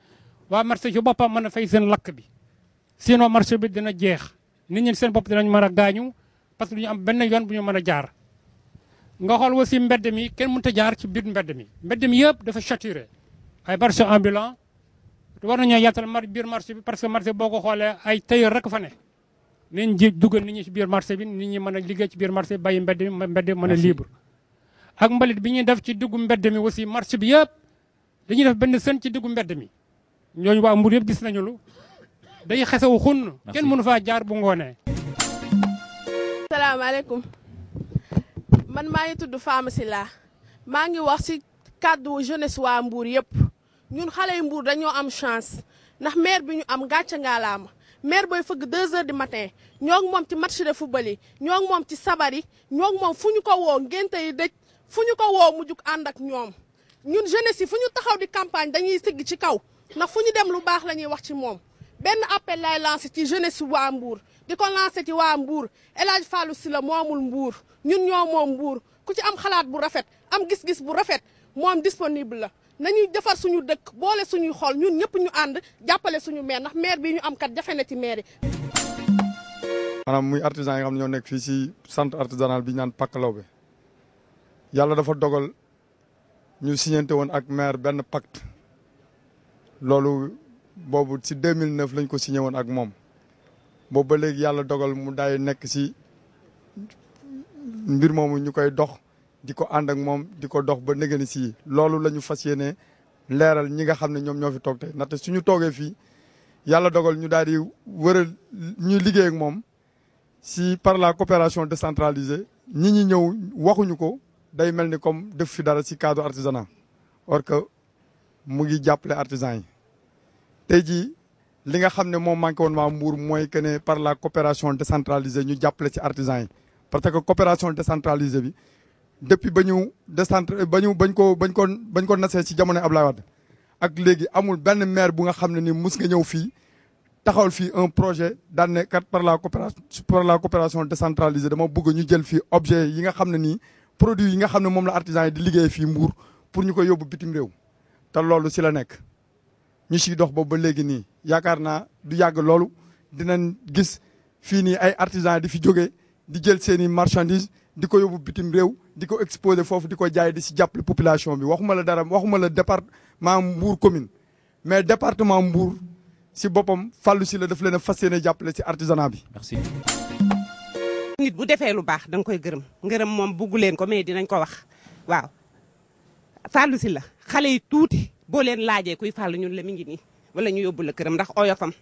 Speaker 7: waa marché ci boppam mën a fay seen lakk bi sinon marché bi dina jeex nit ñi seen bopp dinañ mën a gaañu parce que du ñu am benn yoon bu ñu mën a jaar. nga xool wasi mbedd mi kenn mënut a jaar ci biir mbedd mi mbedd mi yëpp dafa saturé ay marché ambulant war nañoo yaatal mar biir bi parce que marché boo ko xoolee ay tailleur rek fa ne. nañ ji dugal nit ñi ci biir marché bi nit ñi mën a liggéey ci biir marché bi bàyyi mbedd mi mbedd mi mën a libre ak mbalit bi ñuy def ci diggu mbedd mi aussi marché bi yëpp dañuy def benn sën ci diggu mbedd mi ñooñu waa Mbour yëpp gis nañu lu day xesew xun kenn mënu faa jaar bu ngoonee
Speaker 8: asalaamaaleykum man maa ngi tudd pharmacie laa maa ngi wax ci kàddu jeunesse waa Mbour yëpp ñun xale yu Mbour dañoo am chance ndax meer bi ñu am gàcce ngaalaama maire booy fëgg 2 heures di matin ñoo ngi moom ci match de fu yi ñoo moom ci sabar yi ñoo ngi moom fu ñu ko woo ngénte yi dëj fu ñu ko woo mu jug ànd ak ñoom ñun jeunesse yi fu ñu taxaw di campagne dañuy sigg ci kaw ndax fu ñu dem lu baax la ñuy wax ci moom benn appel lay lancé ci jeunesse waa Mbour di ko lancé ci waa mbuur El Hadj Fallou Sylla moomul mbuur ñun ñoo moom Mbour ku ci am xalaat bu rafet am gis-gis bu rafet moom disponible la nañuy defar suñu dëkk boole suñuy xol ñun ñëpp ñu ànd jàppale suñu maire nax maire bi ñu am kat jafe na ci maire
Speaker 9: yi. muy artisan yi xam ne ñoo nekk fii si centre artisanal bi ñaan Pakk Lawbe yàlla dafa dogal ñu signante woon ak maire benn pacte loolu boobu si 2009 lañ ko signé woon ak moom boobu ba léegi yàlla dogal mu daay nekk si mbir moomu ñu koy dox di ko ànd ak moom di ko dox ba nëgëni si loolu la ñu fas yéene leeral ñi nga xam ne ñoom ñoo fi toog tey ndaxte ñu toogee fii yàlla dogal ñu daal di wëral ñuy liggéey ak moom si par la coopération décentralisée ñi ñi ñëw waxuñu ko day mel ni comme def fi dara si cadre artisanat or que mu ngi jàppale artisans yi tey jii li nga xam ne moo manqué woon waa Mbour mooy que par la coopération décentralisée ñu jàppale si artisans yi parce que coopération décentralisée bi depuis ba ñu décentre ba ñu bañ koo bañ ko bañ ko nasee ci jamono Ablaye Wade ak léegi amul benn maire bu nga xam ne nii mus nga ñëw fii taxawal fii un projet daan ne kat par la coopération par la coopération décentralisée dama bëgg ñu jël fii objet yi nga xam ne nii produit yi nga xam ne moom la artisan yi di liggéey fii Mbour pour ñu koy yóbbu bitim réew te loolu si la nekk ñu siy dox boobu ba léegi nii yaakaar naa du yàgg loolu dinañ gis fii nii ay artisan di fi jóge di jël seen i marchandises di ko yóbbu bitim réew di ko exposé foofu di ko jaay di si jàppale population bi waxuma la dara waxuma la mbuur Mbour mais département Mbour si boppam fàllu si la daf leen a fas yéene jàppale si artisanat bi.
Speaker 4: merci.
Speaker 8: nit bu defee lu baax da nga koy gërëm nga rëm moom bugg leen ko mais dinañ ko wax waaw fàllu si la xale yi tuuti boo leen laajee kuy fàllu ñun la mi ngi nii wala ñu yóbbule la ndax ndax oyofam.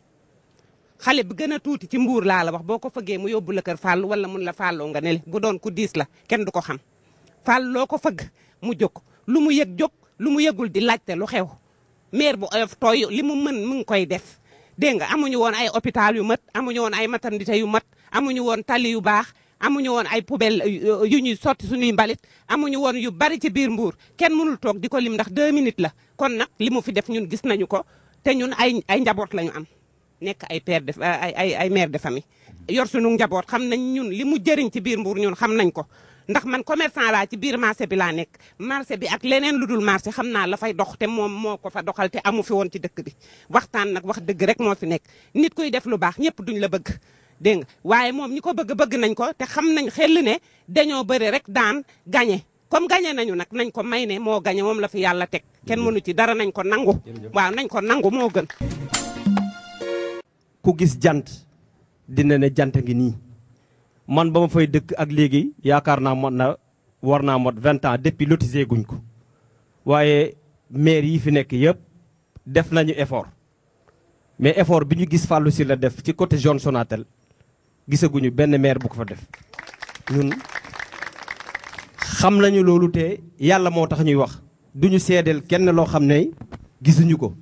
Speaker 8: xale bi gën a tuuti ci mbuur laa la wax boo ko fëggee mu yóbbu la kër fàllu wala mun la fàlloo nga ne bu doon ku diis la kenn du ko xam fàllu loo ko fëgg mu jóg lu mu yëg jóg lu mu yëgul di laajte lu xew maire bu oyof tooy li mu mën mu ngi koy def dégg nga amuñu woon ay hôpital yu mat amuñu woon ay maternité yu mat amuñu woon tali yu baax amuñu woon ay poubelle yu ñuy sotti suñuy mbalit amuñu woon yu bari ci biir mbuur kenn mënul toog di ko lim ndax deux minutes la kon nag li mu fi def ñun gis nañu ko te ñun ay ay njaboot lañu am nekk ay père de ay ay ay mère de famille. yor sunu njaboot xam nañ ñun li mu jëriñ ci biir mbuur ñun xam nañ ko ndax man commerçant laa ci biir marché bi laa nekk marché bi ak leneen lu dul marché xam naa lafay fay dox te moom moo ko fa doxal te amu fi woon ci dëkk bi waxtaan nag wax dëgg rek moo fi nekk nit kuy def lu baax ñëpp duñ la bëgg. dégg nga waaye moom ñi ko bëgg bëgg nañ ko te xam nañ xel ne dañoo bëri rek daan gagné comme gagné nañu nag nañ ko may ne moo gagné moom la fi yàlla teg kenn mënu ci dara nañ ko nangu. waaw nañ ko nangu moo gën.
Speaker 10: ku gis jant dina ne jant ngi nii man ba ma fay dëkk ak léegi yaakaar naa mot na war naa mot vingt ans depuis lotisé guñ ko waaye maire yi fi nekk yëpp def nañu effort mais effort bi ñu gis Fallou Sylla def ci côté zone Sonatel gisaguñu benn maire bu ko fa def ñun xam nañu loolu te yàlla moo tax ñuy wax duñu seedeel kenn loo xam ne gisuñu ko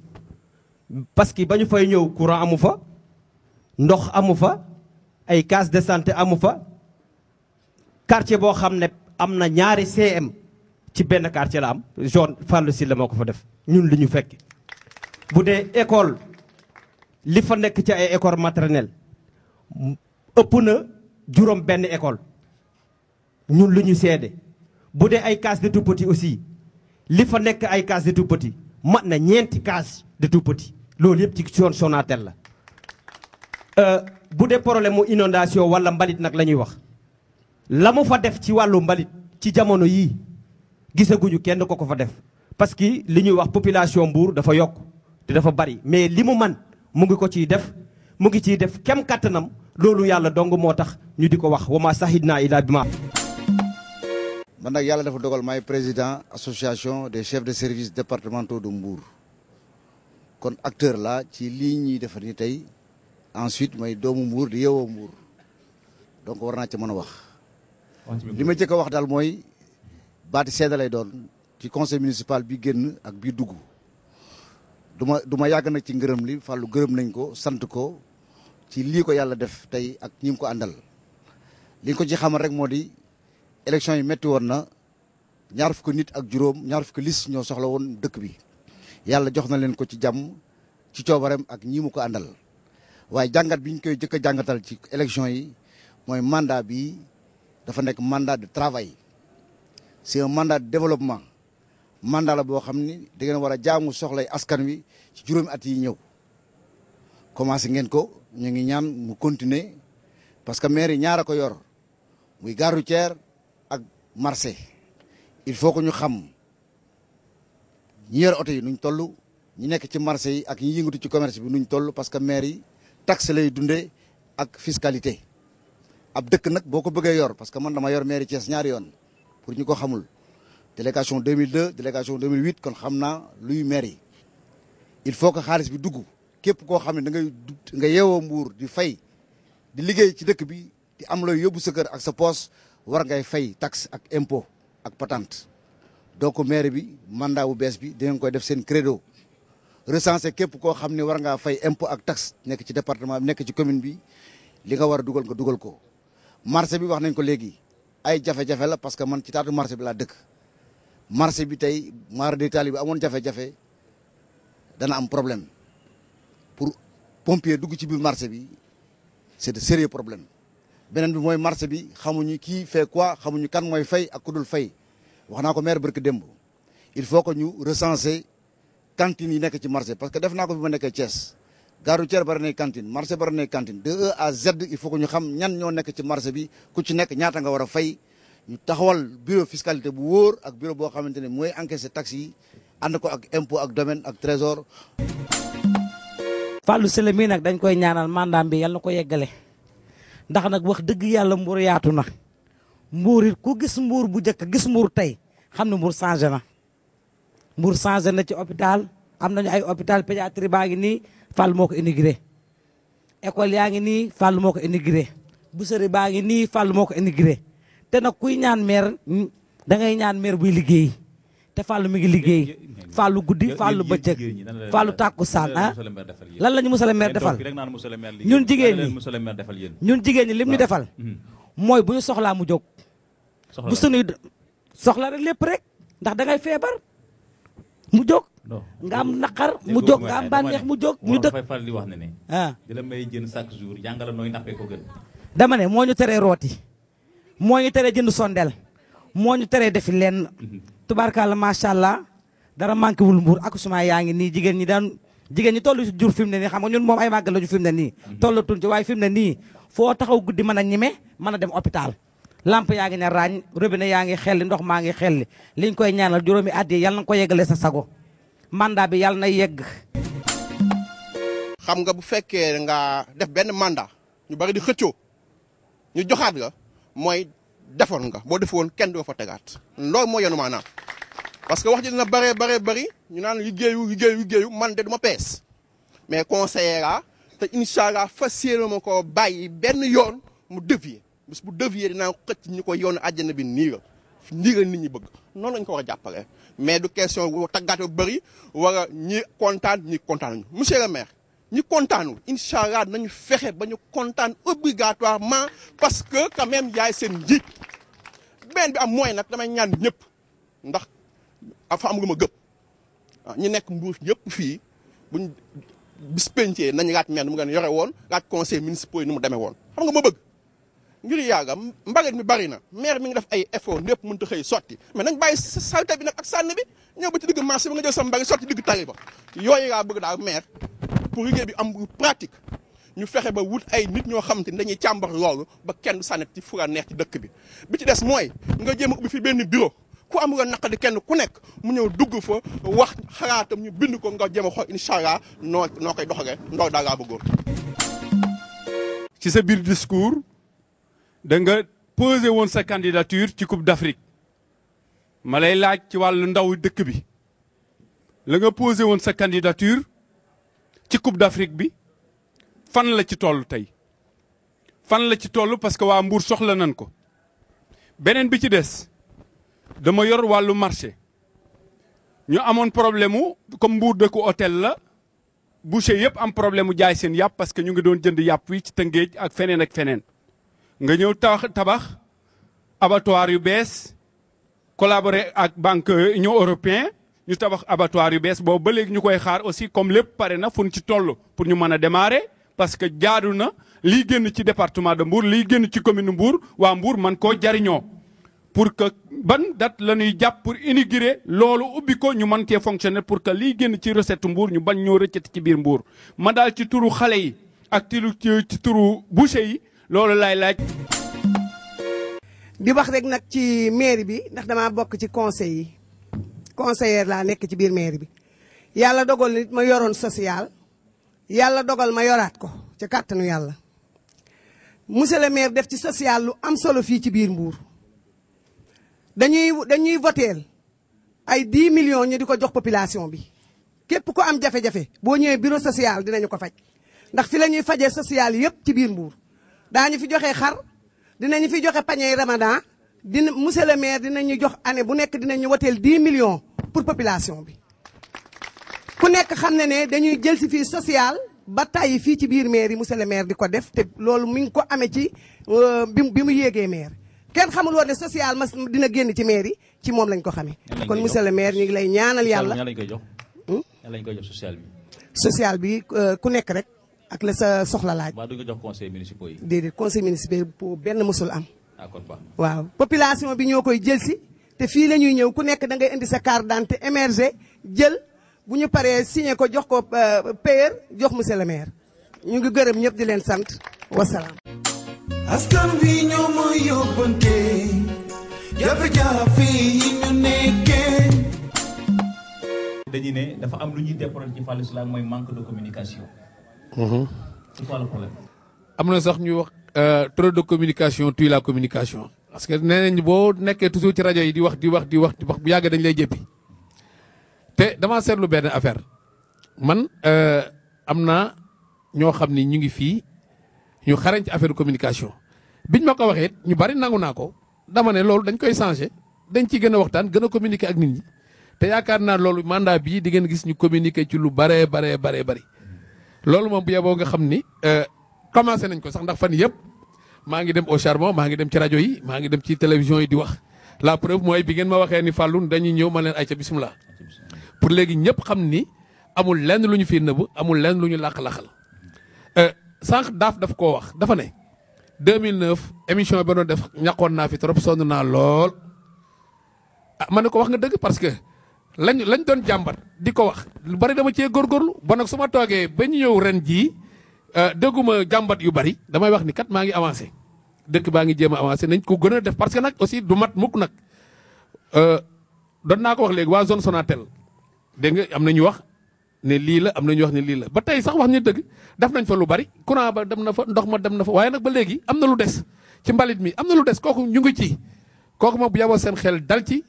Speaker 10: parce ba ñu fay ñëw courant amu fa ndox amu fa ay case de sante amu fa quartier boo xam ne am na ñaari CM ci benn quartier la am zone Fallou Sylla moo ko fa def ñun li ñu fekk bu dee école li fa nekk ci ay école maternelle ëpp na juróom benn école ñun lu ñu seede bu dee ay case de tout petit aussi li fa nekk ay case de tout petit mat na ñeenti kaas de tout petit loolu yëpp ci zone Sonatel la Euh, bu dee problème mu inondation wala mbalit nag la ñuy wax la mu fa def ci wàllu mbalit ci jamono yii gisaguñu kenn ko ko fa def parce que li ñuy wax population mbuur dafa yokk te dafa bari mais li mu man mu ngi ko ciy def mu ngi ciy def kem kàttanam loolu yàlla dong moo tax ñu di ko wax wama sahid naa ilaa bi ma
Speaker 11: man nag yàlla dafa dogal maay président association des chefs de services départementaux de Mbour kon acteur la ci lii ñuy defar ni tey ensuite may doomu mbuur di yeewoo mbuur donc war naa ci mën a wax li ma jëkk a wax daal mooy baati seddalee doon ci conseil municipal bi génn ak bi dugg duma duma yàgg na ci ngërëm li fàllu gërëm nañ ko sant ko ci lii ko yàlla def tey ak ñi ko àndal li ko ci xamal rek moo di élection yi métti woon na ñaar fukki nit ak juróom ñaar fukki liste ñoo soxla woon dëkk bi yàlla jox na leen ko ci jàmm ci coobareem ak ñi mu ko àndal waaye jàngat bi ñu koy jëkk a jàngatal ci élection yi mooy mandat bi dafa nekk mandat de travail c'est un mandat de développement mandat la boo xam ni da ngeen war a jaamu soxlay askan wi ci juróomi at yi ñëw commencé ngeen ko ñu ngi ñaan mu continuer parce que maire yi ñaar a ko yor muy gare routière ak marché il faut que ñu xam ñi yor oto yi nuñ toll ñu nekk ci marché yi ak ñu yëngatu ci commerce bi nuñ toll parce que maire yi taxe lay dundee ak fiscalité ab dëkk nag boo ko bëggee yor parce que man dama yor mairie Thiès ñaari yoon pour ñu ko xamul délégation 2002 délégation 2008 kon xam naa luy mairie il faut que xaalis bi dugg képp koo xam ne da ngay nga yeewoo mbuur di fay di liggéey ci dëkk bi di am looy yóbbu sa kër ak sa poos war ngay fay tax ak impo ak patente donc mairie bi mandat bu bees bi dinañ koy def seen credo recensé képp koo xam ne war ngaa fay impôt ak taxe nekk ci département nekk ci commune bi li nga war dugal nga dugal ko. marché bi wax nañ ko léegi ay jafe-jafe la parce que man ci taatu marché bi laa dëkk marché bi tey maar de taali bi amoon jafe-jafe dana am problème pour pompier dugg ci biir marché bi c'est de sérieux problème. beneen bi mooy marché bi xamuñu kii fait quoi xamuñu kan mooy fay ak ku dul fay wax naa ko maire barke démb il faut que cantines yi nekk ci marché parce que def naa ko fi ma nekkee Thiès gare routière bari nay cantine marché bari nay cantine de E à il faut ñu xam ñan ñoo nekk ci marché bi ku ci nekk ñaata nga war a fay ñu taxawal bureau fiscalité bu wóor ak bureau boo xamante ne mooy encaisser taxe yi ànd ko ak impôt ak domaine ak trésor
Speaker 12: Fallou Sélé mii dañ koy ñaanal mandaam bi yàlla na ko yeggale ndax nag wax dëgg yàlla mbuur yaatu na mbuur it ku gis mbuur bu njëkk gis mbuur tey xam ne mbuur changé na Mbour changé na ci hôpital am nañu ay hôpital pédiatrie baa ngi nii Fall moo ko inauguré école yaa ngi nii Fall moo ko inauguré boucherie baa ngi nii Fall moo ko inauguré te na kuy ñaan meer mm, da ngay ñaan maire buy liggéey te Fall mi ngi liggéey Fall guddi Fall bëccëg Fall tàkkusaan ah
Speaker 2: lan la ñu musala maire defal ñun jigéen ñi
Speaker 12: ñun jigéen ñi lim ñu defal mm-hmm. mooy bu ñu soxlaa mu jóg bu suñuy soxla rek lépp rek ndax da ngay feebar mu jóg. nga am naqar mu jóg nga am bànneex mu jóg. ñu di wax ne ah
Speaker 2: di la may jën chaque jour nooy nappee ko gën.
Speaker 12: dama ne moo ñu teree rooti moo ñu teree jënd sondel moo ñu teree defi lenn mhm. tubaarkàlla macha allah dara manqué wul mbuur accouchement yaa ngi nii jigéen ñi daan jigéen ñi toll si jur fi ne nii xam nga ñun moom ay màggal la ñu ne nii. Mhm. tollatuñ ci waaye fi mu ne nii foo taxaw guddi mën a ñeme mën a dem hôpital. lamp yaa ngi ne raañ robinet yaa ngi xelli ndox maa ngi xelli liñ koy ñaanal juróomi at yi yal na ko yeggale sa sago
Speaker 13: mandat bi yal na yegg. xam nga bu fekkee nga def benn mandat ñu bari di xëccoo ñu joxaat nga mooy defoon nga boo def woon kenn doo fa tegaat. loolu moo yoonu maanaam parce que wax ji dina bare bëree bëri ñu naan liggéeyu liggéeyu liggéeyu man de du ma pees mais conseiller la te incha allah fas yéene ma koo bàyyi benn yoon mu dévier. bis bu dévier dinaa xëcc ñu ko yoonu àjjana bi nii la nii la ñi bëgg noonu lañ ko war a jàppale mais du question tàggaate bu bëri wala ñi kontaan ñi kontaan monsieur le maire ñi kontaanul incha allah nañu fexe ba ñu kontaan obligatoirement parce que quand même yaay seen njiit benn bi am mooy nag damay ñaan ñëpp ndax afa am lu ma gëpp ah, ñu nekk mbuur ñëpp fii buñ bis pencee nañ laaj maire nu mu leen yore woon laaj conseil municipal yi nu mu demee woon xam ma bëgg ngir yàgga mbarit mi bari na maire mi ngi def ay effort lépp mënut a xëy sotti mais nañ bàyyi salte bi nag ak sànni bi ñëw ba ci digg marché bi nga jël sa mbarit sotti digg tari ba yooyu laa bëgg daal maire pour liggéey bi am bu pratique ñu fexe ba wut ay nit ñoo xam te ne dañuy càmbar loolu ba kenn sànnet ci fura neex ci dëkk bi bi ci des mooy nga jëm a ubbi fi benn bureau ku am loon naqadi kenn ku nekk mu ñëw dugg fa wax xalaatam ñu bind ko nga jéem a xool incha noo noo koy doxalee ndox daal laa bëggoon ci sa biir
Speaker 4: discours da nga posé woon sa candidature ci Coupe d'Afrique ma lay laaj ci wàllu ndaw dëkk bi langa nga posé woon sa candidature ci Coupe d'Afrique bi fan la ci toll tey fan la ci toll parce que waa mbur soxla nañ ko beneen bi ci des dama yor wàllu marché ñu amoon problème mu comme Mbour dëkku hôtel la boucher yëpp am problème mu jaay seen yàpp parce que ñu ngi doon jënd yàpp wi ci Tëngéej ak feneen ak feneen nga ñëw tabax abatoire yu bees collaborer ak banque union européen ñu tabax abattoir yu bees boobu ba léegi ñu koy xaar aussi comme lépp pare na fu ci toll pour ñu mën a démarrer parce que jaadu na lii génn ci département de mbuur lii génn ci commune Mbour waa mbuur man koo jariñoo pour que ban date la ñuy jàpp pour inaugurer loolu ubbi ko ñu mën kee fonctionner pour que liy génn ci recette Mbour ñu bañ ñoo rëccati ci biir Mbour. ma daal ci turu xale yi ak ci turu boucher yi. loolu laay laaj.
Speaker 14: di wax rek nag ci mairie bi ndax damaa bokk ci conseil yi conseillère laa nekk ci biir mairie bi yàlla dogal ma yoroon social yàlla dogal ma yoraat ko ci kàttanu yàlla. monsieur le maire def ci social lu am solo fii ci biir mbuur dañuy dañuy voteel ay 10 million ñu di ko jox population bi képp ku am jafe-jafe boo ñëwee bureau social dinañu ko faj ndax fi la ñuy fajee social yëpp ci biir mbuur ñu fi joxe xar dinañu fi joxe pañey ramadan dina monsieur le maire dinañu jox année bu nekk dinañu woteel 10 million pour population bi. ku nekk xam ne ne dañuy jël si fii social ba tàyyi fii ci biir maire yi monsieur le maire di ko def te loolu mi ngi ko amee ci euh, bi bi mu yéegee maire kenn xamuloo woon ne social mas dina génn ci maire yi ci moom lañ ko xamee. kon monsieur le maire ñu ngi lay ñaanal yàlla. ñaan lañ
Speaker 2: koy jox. Hmm? ñaan lañ koy jox social bi.
Speaker 14: social bi euh, ku nekk rek. ak la sa soxla laaj.
Speaker 2: waaw du ñu jox conseil municipaux yi.
Speaker 14: déedéet conseil municipal benn mësul am. waaw population bi ñoo koy jël si. te fii la ñuy ñëw ku nekk dangay indi sa carte d'identité émergé jël bu ñu paree signé ko jox ko euh, payeur jox monsieur le maire. ñu ngi gërëm ñëpp di leen sant wasalaam.
Speaker 9: askan wi
Speaker 1: ñoo ma yóbbante jafe-jafe yi ñu nekkee.
Speaker 2: dañu ne dafa am lu ñuy déploré ci Fallou Sylla mooy manque de communication. c'est quoi le problème.
Speaker 3: am na sax ñuy wax euh, trop de communication tue la communication. parce que nee nañ boo nekkee toujours ci rajo yi di wax di wax di wax di wax bu yàgg dañ lay jéppi te damaa seetlu benn affaire man euh, am na ñoo xam ni ñu ngi fii ñu xarañ ci affaire communication biñ ma ko waxee ñu bari nangu naa ko dama ne loolu dañ koy changer dañ ci gën a waxtaan gën a communiquer ak nit ñi te yaakaar naa loolu mandat bii di ngeen gis ñu communiquer ci lu baree baree baree bari. loolu moom bu yeboo nga xam ni euh, commencé nañ ko sax ndax fan yëpp maa ngi dem au charbon maa ngi dem ci rajo yi maa ngi dem ci télévision yi di wax la preuve mooy bi ngeen ma waxee ni fàllun dañuy ñëw ma leen ay ca bisimilah pour léegi ñëpp xam ni amul lenn lu ñu fi nëbb amul lenn lu ñu làq-làqal euh, sànq daaf daf koo wax dafa ne 2009 émission ba def ñaqoon naa fi trop sonn naa lool ah ma ne ko wax nga dëgg parce que lañ lañ doon jàmbat di ko wax lu bari dama cee góorgóorlu ba nag su ma toogee ba ñu ñëw ren jii euh, dégguma jàmbat yu bari damay wax ni kat maa ngi avancé dëkk baa ngi jéem a avancé nañ ko gën a def parce que nag aussi du mat mukk nag euh, doon naa ko wax léegi waa zone Sonatel dégg nga am na ñu wax ne lii la am na ñu wax ne lii la ba tey sax wax ñu dëgg def nañ fa lu bari courant ba dem na fa ndox ma dem na fa waaye nag ba léegi am na lu des ci mbalit mi am na lu des kooku ñu ngi ci kooku moom bu seen xel dal ci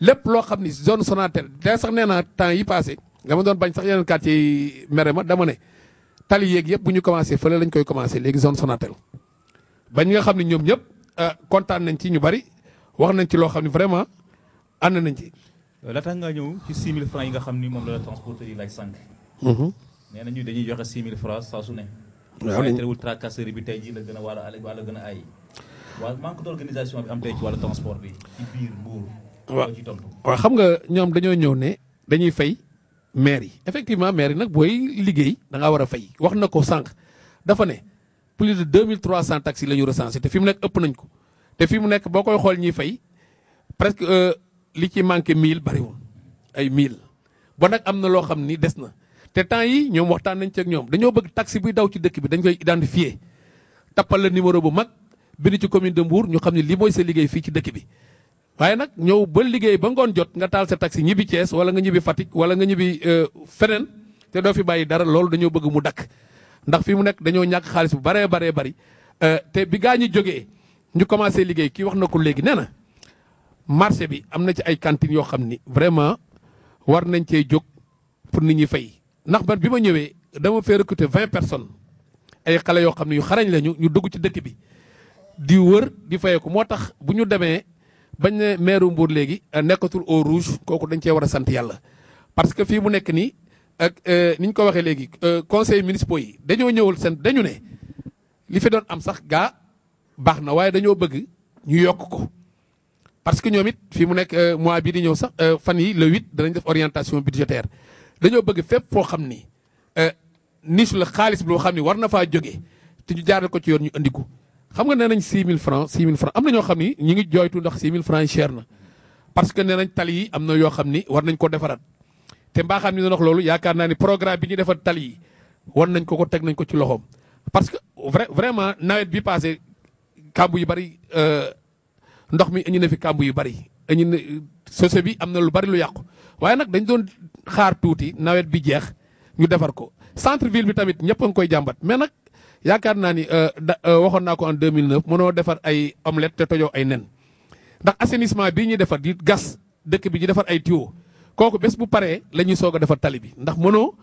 Speaker 3: lépp loo xam ni zone Sonatel da sax nee naa temps yi passé nga ma doon bañ sax yeneen quartier yi mere ma dama ne tali yeeg bu ñu commencé fële lañ koy commencé léegi zone Sonatel bañ nga xam ne ñoom ñëpp euh, kontaan nañ ci ñu bari wax nañ ci loo xam ne vraiment ànd nañ ci. Euh,
Speaker 2: laata ngaa ñëw ci 6 000 francs yi nga xam ni moom la la transporteur yi laaj sànq. Mhm. nee na ñu dañuy joxe 6 000 francs saa su ne. waaw waaye bi tey jii la gën a war a la gën a aay. waaw manque d'organisation bi am tey ci wàllu transport bi waaw
Speaker 7: waaw xam nga
Speaker 3: ñoom dañoo ñëw ne dañuy fay maire yi effectivement maire yi nag booy liggéey da war a fay wax na ko sànq dafa ne plus de 2300 taxis la ñu recensé te fi mu nekk ëpp nañ ko te fi mu nekk boo koy xool ñuy fay presque euh, li ci manqué 1000 bariwul ay 1000 ba nag am na loo xam ni des na te temps yi ñoom waxtaan nañ ci ñoom dañoo bëgg taxi buy daw ci dëkk bi dañ koy identifier tappal la numéro bu mag bind ci commune de Mbour ñu xam ne lii mooy sa liggéey fii ci dëkk bi waaye nag ñëw ba liggéey ba ngoon jot nga taal sa taxi ñibbi Thiès wala nga ñibbi Fatick wala nga ñibbi euh, feneen te doo fi bàyyi dara loolu dañoo bëgg mu dakk ndax fi mu nekk dañoo ñàkk xaalis bu baree baree bari euh, te bi gaa ñi jógee ñu commencé liggéey kii wax na ko léegi nee na marché bi am na ci ay cantines yoo xam ni vraiment war nañ cee jóg pour nit ñi fay ndax man bi ma ñëwee dama fee recruter vingt personnes ay xale yoo xam ne yu xarañ lañu ñu dugg ci dëkk bi di wër di fayee ko moo tax bu ñu demee. bañ ne maire Mbour léegi euh, nekkatul au rouge kooku dañ cee war a sant yàlla parce que fii mu nekk nii ak euh, ni ñu ko waxee léegi euh, conseil minisipo yi dañoo ñëwul sant dañu ne li fi doon am sax gaa baax na waaye dañoo bëgg ñu yokk ko. parce que ñoom it fii mu nekk mois bii di ñëw sax fan yi le huit danañ def orientation budgétaire dañoo bëgg fépp foo xam ni niche la xaalis bi loo xam ni war na faa jóge te ñu jaaral ko ci yoon ñu andi ko xam nga nee nañ mille francs 6000 francs am na ñoo xam ni ñu ngi jooytu ndax 6000 francs yi na parce que nee nañ tali yi am na yoo xam ni war nañ ko defaraat te mbaaxaan ni doon wax loolu yaakaar naa ni programme bi ñu defar tali yi war nañ ko ko teg nañ ko ci loxoom. parce que vrai vraiment nawet bi passé kàmb yu bari euh, ndox mi indi na fi kàmb yu bari indi na sose bi am na lu bari lu yàqu waaye nag dañ doon xaar tuuti nawet bi jeex ñu defar ko centre ville bi tamit ñëpp a ngi koy jàmbat mais nag. yaakaar naa ni euh, euh, waxoon naa ko en 2009 mënoo defar ay omelette te tojoo ay nen ndax assainissement bii ñuy defar di gas dëkk bi ñu defar ay tuyaux kooku bés bu paree la ñuy soog a defar tali bi ndax mënoo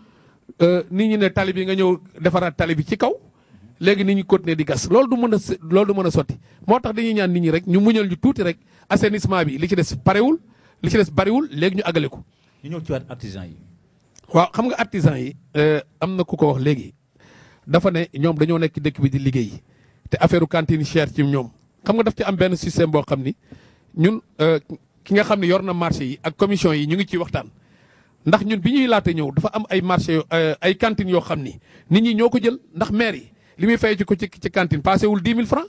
Speaker 3: euh, nit ñi ne tali bi nga ñëw defaraat tali bi ci kaw léegi nit ñi continuer di gas loolu du mën a loolu du mën a sotti moo tax dañuy ñaan nit ñi rek ñu muñal ñu tuuti rek assainissement bi li ci des parewul li ci des bariwul léegi ñu àggale
Speaker 2: ko. ñu ñëw ci waat artisan yi.
Speaker 3: waaw xam nga artisan yi. am na ku ko wax léegi. dafa ne ñoom dañoo nekk dëkk bi di liggéey te affaire cantine chère ci ñoom xam nga daf ci am benn système boo xam ni ñun euh, ki nga xam ne yor na marché yi ak commission yi ñu ngi ciy waxtaan. ndax ñun bi ñuy laata ñëw dafa am ay marché euh, ay cantines yoo xam ni nit ñi ñoo ko jël ndax maire yi li muy fay ci ko ci ci cantine passé wul dix mille francs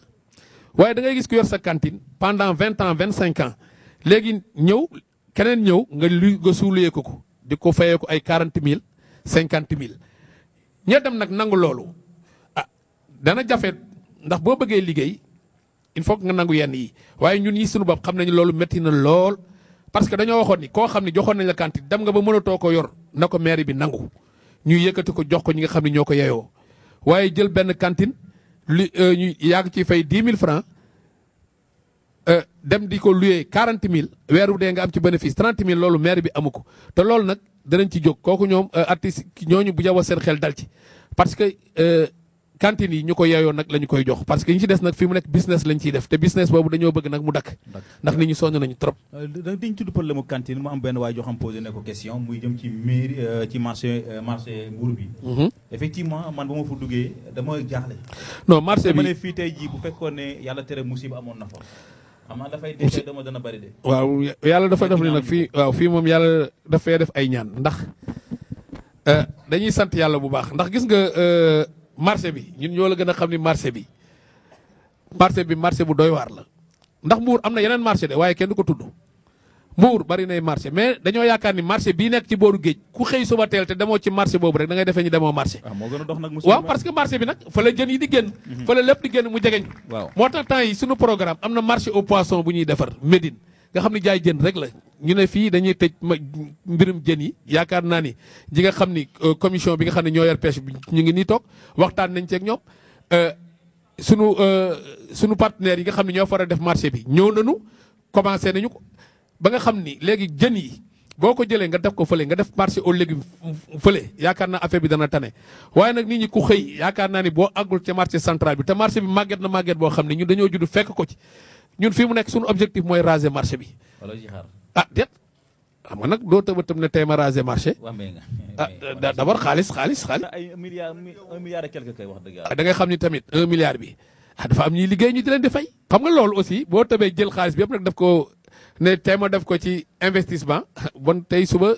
Speaker 3: waaye dangay gis ku yor sa cantine pendant vingt ans vingt cinq ans léegi ñëw keneen ñëw nga lu nga suuluyee ko ko di ko fayee ko ay quarante mille cinquante mille. ña dem nag nangu loolu a ah, dana jafe ndax boo bëggee liggéey il faut que nga nangu yenn yi waaye ñun ñi suñu bopp xam nañu loolu métti na lool. parce que dañoo waxoon ni koo xam ne joxoon nañ la kanti dem nga ba mënatoo ko yor na ko mairie bi nangu ñuy yëkkati ko jox ko ñi nga xam ne ñoo ko yeyoo waaye jël benn cantine lu euh, ñu yàgg ci fay 10 000 francs euh, dem di ko luyee 40 mille weeru wu dee nga am ci bénéfice 30 mille loolu maire bi amu ko te loolu nag danañ ci jóg kooku ñoom euh, artiste ñooñu bu jaw seen xel dal ci parce que euh, cantine yi ñu ko yeeyoo nag la ñu koy jox parce que ñi ci des nag fi mu nekk business lañ ciy def te
Speaker 2: business boobu dañoo bëgg nag mu dakk ndax nit ñi sonn nañu trop euh, da diñ tudd problème mu cantine mu am benn waay joo xam posé na ko question jëm ci marché marché bi mhm. effectivement man ba ma fa duggee dama jaaxle non marché bi ma fii tey jii bu fekkoon ne yàlla tere musiba amoon na fa amaa dafay dama dana bari de.
Speaker 3: waaw yàlla dafa def nag fii waaw fii moom yàlla dafay def ay ñaan ndax euh, dañuy sant yàlla bu baax ndax gis nga euh, marché bi ñun ñoo la gën a xam ni marché bi marché bi marché bu doy waar la ndax Mbour am na yeneen marché de waaye kenn du ko tudd. mbuur bari nay marché mais dañoo yaakaar ni marché bii nekk ci booru géej ku xëy suba teel te demoo ci marché boobu rek da ngay defee ñu demoo marché ah, waaw parce que marché bi nag fa la jën yi di génn mhm. fa la lépp di génn mu jegeñ waaw moo tax temps yi suñu programme na marché au jaay jën rek la ñu ne fii dañuy tëj mbirum jën yi yaakaar naa ni ji nga xam ni euh, commission bi nga xam ne ñoo yor pêche ñu ngi nii toog waxtaan nañ ceeg ñoom euh, sunu euh, sunu partenaires yi nga xam ne ñoo far a def marché bi ñëw nañu commencé nañu ko ba nga xam ni léegi jën yi boo ko jëlee nga def ko fële nga def marché au légume fële yaakaar na affaire bi dana tane waaye nag ni ñi ku xëy yakaar naa ni boo àggul ca marché central bi te marché bi màgget na màgget boo xam ne ñun dañoo judd fekk ko ci ñun mu nekk sunu objectif mooy raser marché bi. ah déet xam nga nag doo tëbatëm ne tey ma raser marché. ah d' abord xaalis xaalis xaalis.
Speaker 2: ay milliard un milliard et quelque wax dëgg yàlla. Ah, da ngay xam
Speaker 3: ni tamit un milliard bi a ah, dafa am ñuy liggéey ñu di di fay. xam nga loolu aussi boo tëbee jël xaalis bi yëpp nag daf ko ne tey ma def ko ci investissement bon
Speaker 2: tey suba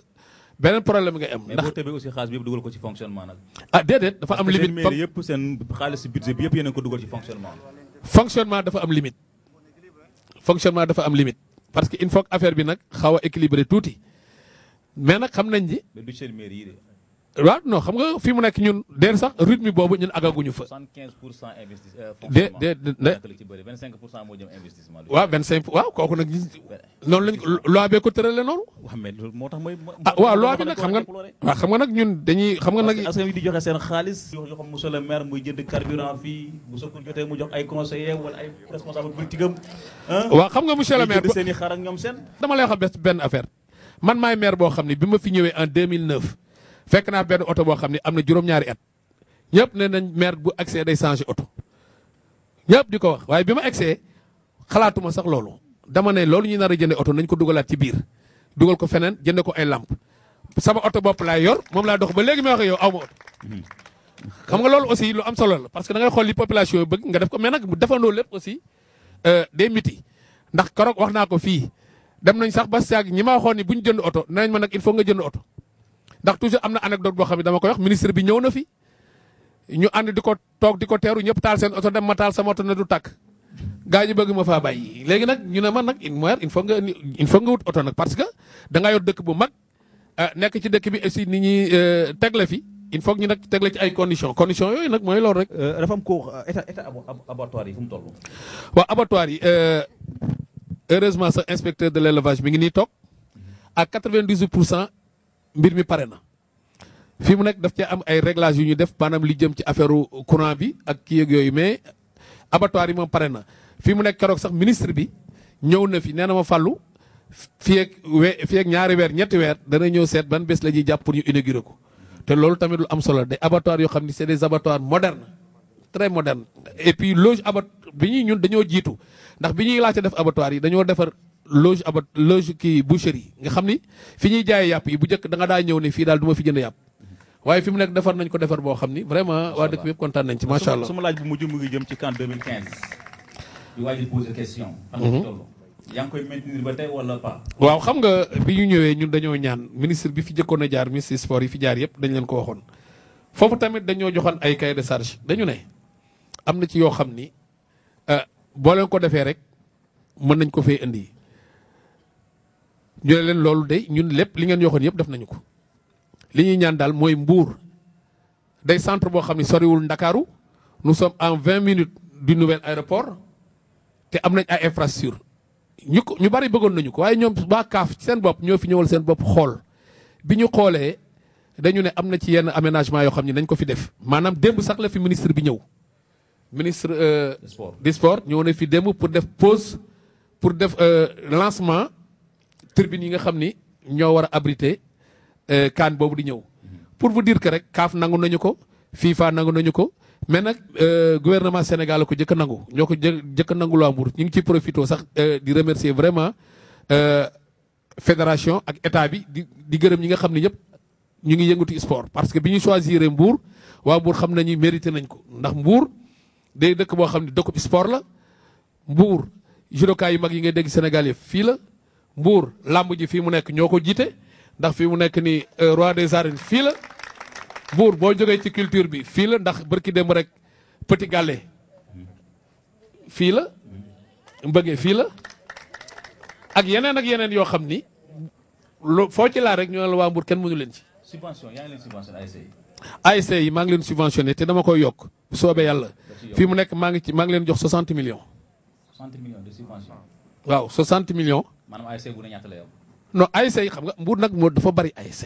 Speaker 2: beneen problème ngay am. ndax mais boo tëbee aussi xaalis yëpp dugal ko ci fonctionnement nag. ah déedéet dafa am limite parce yëpp seen xaalis budget bi yëpp yéen a dugal ci fonctionnement. fonctionnement dafa am limite
Speaker 3: fonctionnement dafa am limite parce que il faut que affaire bi nag xaw a équilibré tuuti mais nag xam nañ ni. mais yi waaw non xam nga fi mu nekk ñun deen sax mi boobu ñun agaguñu fa.
Speaker 2: pour cent investissement. de de de de 25 pour cent moo waaw kooku nag.
Speaker 3: noonu lañ ko ko tëralee noonu.
Speaker 2: moo tax mooy. ah waaw loi bi nag xam nga waaw nag ñun dañuy xam nga nag. askan di joxe seen xaalis. yoo xam mu jox ay conseillers wala ay responsable politique am. waaw xam nga monsieur le maire bu seen i xar ak ñoom seen.
Speaker 3: dama lay wax benn affaire man maay maire boo xam ne bi ma fi ñëwee en fekk naa benn oto boo xam ne am na juróom-ñaari at ñëpp ne nañ maire bu accès day changé oto ñëpp di ko wax waaye bi ma accès xalaatuma sax loolu dama ne loolu ñu nar a jënde oto nañ ko dugalaat ci biir dugal ko feneen jënde ko ay làmp sama oto bopp laay yor moom laa dox ba léegi may wax yow aw ma oto xam nga loolu aussi lu am solo la parce que da ngay xool li population yi bëgg nga def ko mais nag mu defandoo lépp aussi euh, des miti ndax keroog wax naa ko fii dem nañ sax ba saag ñi ma waxoon ni bu ñu jënd oto nañ ma nag il faut nga jënd oto ndax toujours am na anecdote boo xam ne dama koy wax ministre bi ñëw na fi ñu ànd di ko toog di ko teeru ñëpp taal seen oto dem ma taal sama oto ne du tàkk gaa ñi bëgg ma faa bàyyi léegi nag ñu ne man nag une moire il faut nga il faut nga wut oto nag parce que dangay ngaa dëkk bu mag euh, nekk ci dëkk bi aussi ni ñi euh, teg la fi il faut ñu nag teg ci ay condition conditions yooyu nag mooy loolu rek. Euh, dafa koo ko état
Speaker 2: état yi fu mu toll.
Speaker 3: waaw abattoir yi heureusement sa inspecteur de l' élevage mi ngi nii toog à 98 pour cent mbir mi pare na fi mu nekk daf cee am ay réglages yu ñu def maanaam li jëm ci affaire courant bi ak kii yooyu mais abattoir yi moom pare na fi mu nekk keroog sax ministre bi ñëw na fi nee na ma fallu fii ak we fii ak ñaari weer ñetti weer dana ñëw seet ban bés la ñuy jàpp pour ko te loolu tamit lu am solo des abattoirs yoo xam ni c'est des abattoirs modernes très modernes et puis loge abat bi ñuy ñun dañoo jiitu ndax bi ñuy laajte def abattoir yi dañoo defar loge abat loge kii boucherie nga xam ni fi ñuy jaayee yàpp yi bu njëkk danga nga daa ñëw ne fii daal du ma fi jënd yàpp waaye fi mu nekk defar nañ ko defar boo xam ni vraiment waa dëkk bi yëpp kontaan nañ ci macha allah. sama
Speaker 2: jëm ci camp 2015. di waaj a poser question. Mhm. yaa ngi koy maintenir ba tey
Speaker 3: waaw xam nga bi ñu ñëwee ñun dañoo ñaan ministre bi fi jëkkoon a jaar ministre sport yi fi jaar yëpp dañ leen ko waxoon. foofu tamit dañoo joxoon ay cahier de charge dañu ne am na ci yoo xam ni euh, boo leen ko defee rek mën nañ ko fee indi ñu ne leen loolu de ñun lépp li ngeen yoxoon yëpp def nañu ko li ñuy ñaan daal mooy mbuur day centre boo xam ne soriwul ndakaaru nu sommes en vingt minutes du nouvel aéroport te am nañ ay infrastructure ñu ko ñu bari bëggoon nañu ko waaye ñoom waa kaaf ci seen bopp ñoo fi ñëwal seen bopp xool bi ñu xoolee dañu ne am na ci yenn aménagement yoo xam ne nañ ko fi def maanaam démb sax fi ministre bi ñëw ministre euh, du sport ñëw na fi démb pour def pause pour def euh, lancement tribune yi nga xam ni ñoo war a abriter kaan euh, boobu di ñëw pour vous dire que rek kaaf nangu nañu ko FIFA nangu nañu ko mais nag euh, gouvernement Sénégal ko jëkk nangu ñoo ko jëkk nangu Luambourg ñu ngi ciy profité sax euh, di remercier vraiment fédération ak état bi di di gërëm ñi nga xam ne ñëpp ñu ngi yëngatu sport parce que bi ñu choisir Mbour waa Mbour xam nañu mérité nañ ko ndax Mbour day dëkk boo xam ne dëkkub sport la Mbour judokaay yu mag yi ngay dégg Sénégal yëpp fii la. mbuur làmb ji fii mu nekk ñoo ko jiite ndax fii mu nekk nii euh, roi des arènes fii la mbuur boo jógee ci culture bi fii la ndax bërki démb rek petit gàlle fii la mbëggee fii la ak yeneen ak yeneen yoo xam ni loo foo ci laa rek ñoo ne la waa mbuur kenn mënu leen ci.
Speaker 2: subvention yaa ngi leen subventionné
Speaker 3: ASC maa ngi leen subventionné te dama koy yokk soobee yàlla fii mu nekk maa ngi ci maa ngi leen jox 60 millions.
Speaker 2: 60 millions de subvention.
Speaker 3: waaw 60 millions.
Speaker 2: maanaam ASC bu ne ñaata la yow.
Speaker 3: non ASC yi xam nga mbuur nag moo dafa bari ASC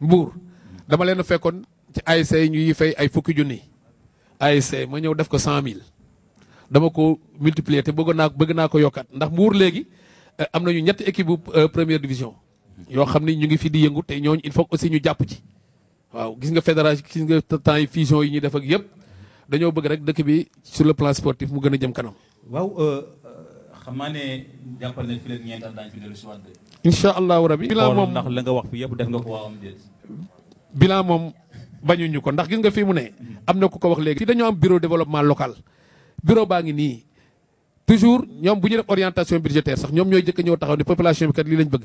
Speaker 3: mbuur dama leen fekkoon ci ASC yi ñuy fay ay fukki junni ASC ma ñëw def ko cent mille dama ko multiplier te bëgg naa bëgg naa ko yokkat ndax mbuur léegi eh, am nañu ñetti équipe bu euh, première division yoo xam ni ñu ngi fi di yëngu te ñooñu il faut aussi ñu jàpp ci waaw gis nga fédération gis nga temps yi fusion yi ñuy def ak yëpp dañoo bëgg rek dëkk bi sur le plan sportif mu gën a jëm kanam.
Speaker 1: Euh,
Speaker 2: xam naa ne jàppal ne fi leen ñeent daañu fi dellu si waat de.
Speaker 3: incha allahu rabi. bilan moom ndax la nga wax yëpp def nga ko waaw am déet. bilan moom bañuñu ko ndax gis nga fii mu ne. Mm-hmm. am na ku ko wax léegi. fii dañoo am bureau développement local bureau baa ngi nii toujours ñoom bu ñu def orientation budgétaire sax ñoom ñooy jëkk ñëw taxaw ne population bi kat lii lañ bëgg.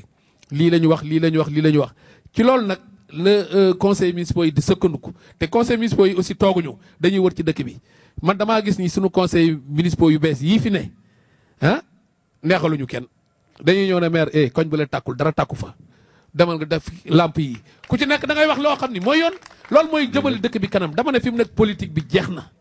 Speaker 3: lii la ñu wax lii la ñu wax lii la ñu wax ci loolu nag le euh, conseil municipal yi di sëkkandiku te conseil municipal yi aussi tooguñu dañuy wër ci dëkk bi man damaa gis ni sunu conseil municipal yu bees yii fi ne ah neexaluñu kenn dañuy ñëw ne maire eh koñ bu leen tàkkul dara tàkku fa demal nga def làmp yi ku ci nekk da ngay wax loo xam ni mooy yoon loolu mooy jëmale dëkk bi kanam dama ne fi mu nekk politique bi jeex na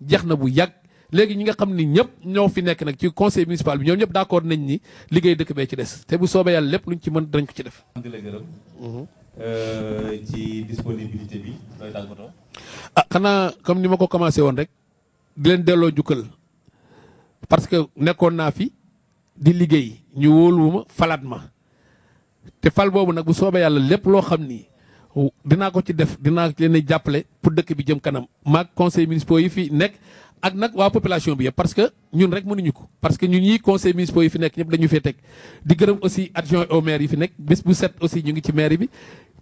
Speaker 3: jeex na bu yàgg léegi ñi nga xam ni ñëpp ñoo fi nekk nag ci conseil municipal bi ñoom ñëpp d'accord nañ ni liggéey dëkk bee ci des te bu soobee yàlla lépp luñ ci mën danañ ko ci def.
Speaker 2: di la gërëm. Mhm. Euh, ci disponibilité bi looy tàggatoo. Ah,
Speaker 3: comme ni ma ko commencé woon rek di leen delloo jukkal parce que nekkoon naa fi. di liggéey ñu wóolu ma falaat ma te fal boobu nag bu soobee yàlla lépp loo xam ni dinaa ko ci def dinaa leen jàppale pour dëkk bi jëm kanam maag conseil municipaux yi fi nekk ak nag waa population bi yëpp parce que ñun rek mënuñu ko parce que ñun ñii conseil municipaux yi fi nekk ñëpp dañu fee teg di gërëm aussi adjoint au maire yi fi nekk bés bu set aussi ñu ngi ci maire bi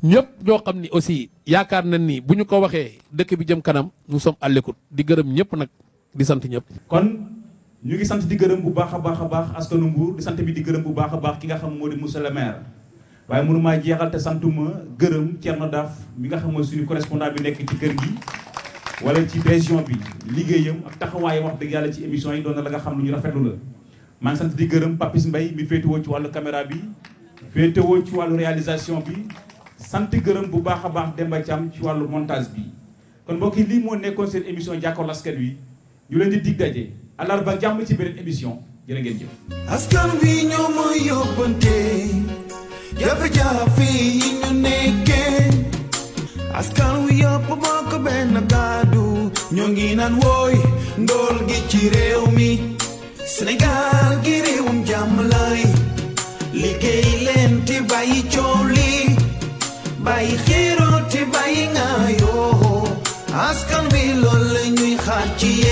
Speaker 3: ñëpp ñoo xam ni aussi yaakaar nañ nii bu ñu ko waxee dëkk bi jëm
Speaker 2: kanam nous som
Speaker 3: à l'écoute di gërëm ñëpp nag di ñëpp
Speaker 2: ñu ngi sant di gërëm bu baax a baax a baax askanu Mbour di sant bi di gërëm bu baax a baax ki nga xam moo di monsieur le maire waaye mënuma maa jeexal te santuma gërëm Thierno Daaf mi nga xam mooy suñu correspondant bi nekk ci kër gi wala ci région bi liggéeyam ak taxawaayam wax dëgg yàlla ci émission yi doon na la nga xam lu ñu rafetlu la maa ngi sant di gërëm Papis mbay mi féetewoo ci wàllu caméra bi féetewoo ci wàllu réalisation bi sant gërëm bu baax a baax Demba Thiam ci wàllu montage bi kon mbokk yi lii moo nekkoon seen émission jàkkaarloo askan wi ñu leen di dig daje àllarba jàmm ci beneen émission jërë ngeen jëf.
Speaker 1: askan wi ñoo ma yóbbante jafe-jafe yi ñu nekkee askan wi yëpp bokk benn kàddu ñoo ngi naan wooy ndool gi ci réew mi Sénégal gi réewum jàmm lay liggéey leen te bàyyi coow bàyyi xéeroo te bàyyi ngaayoo askan
Speaker 5: wi loolu la ñuy xaar ci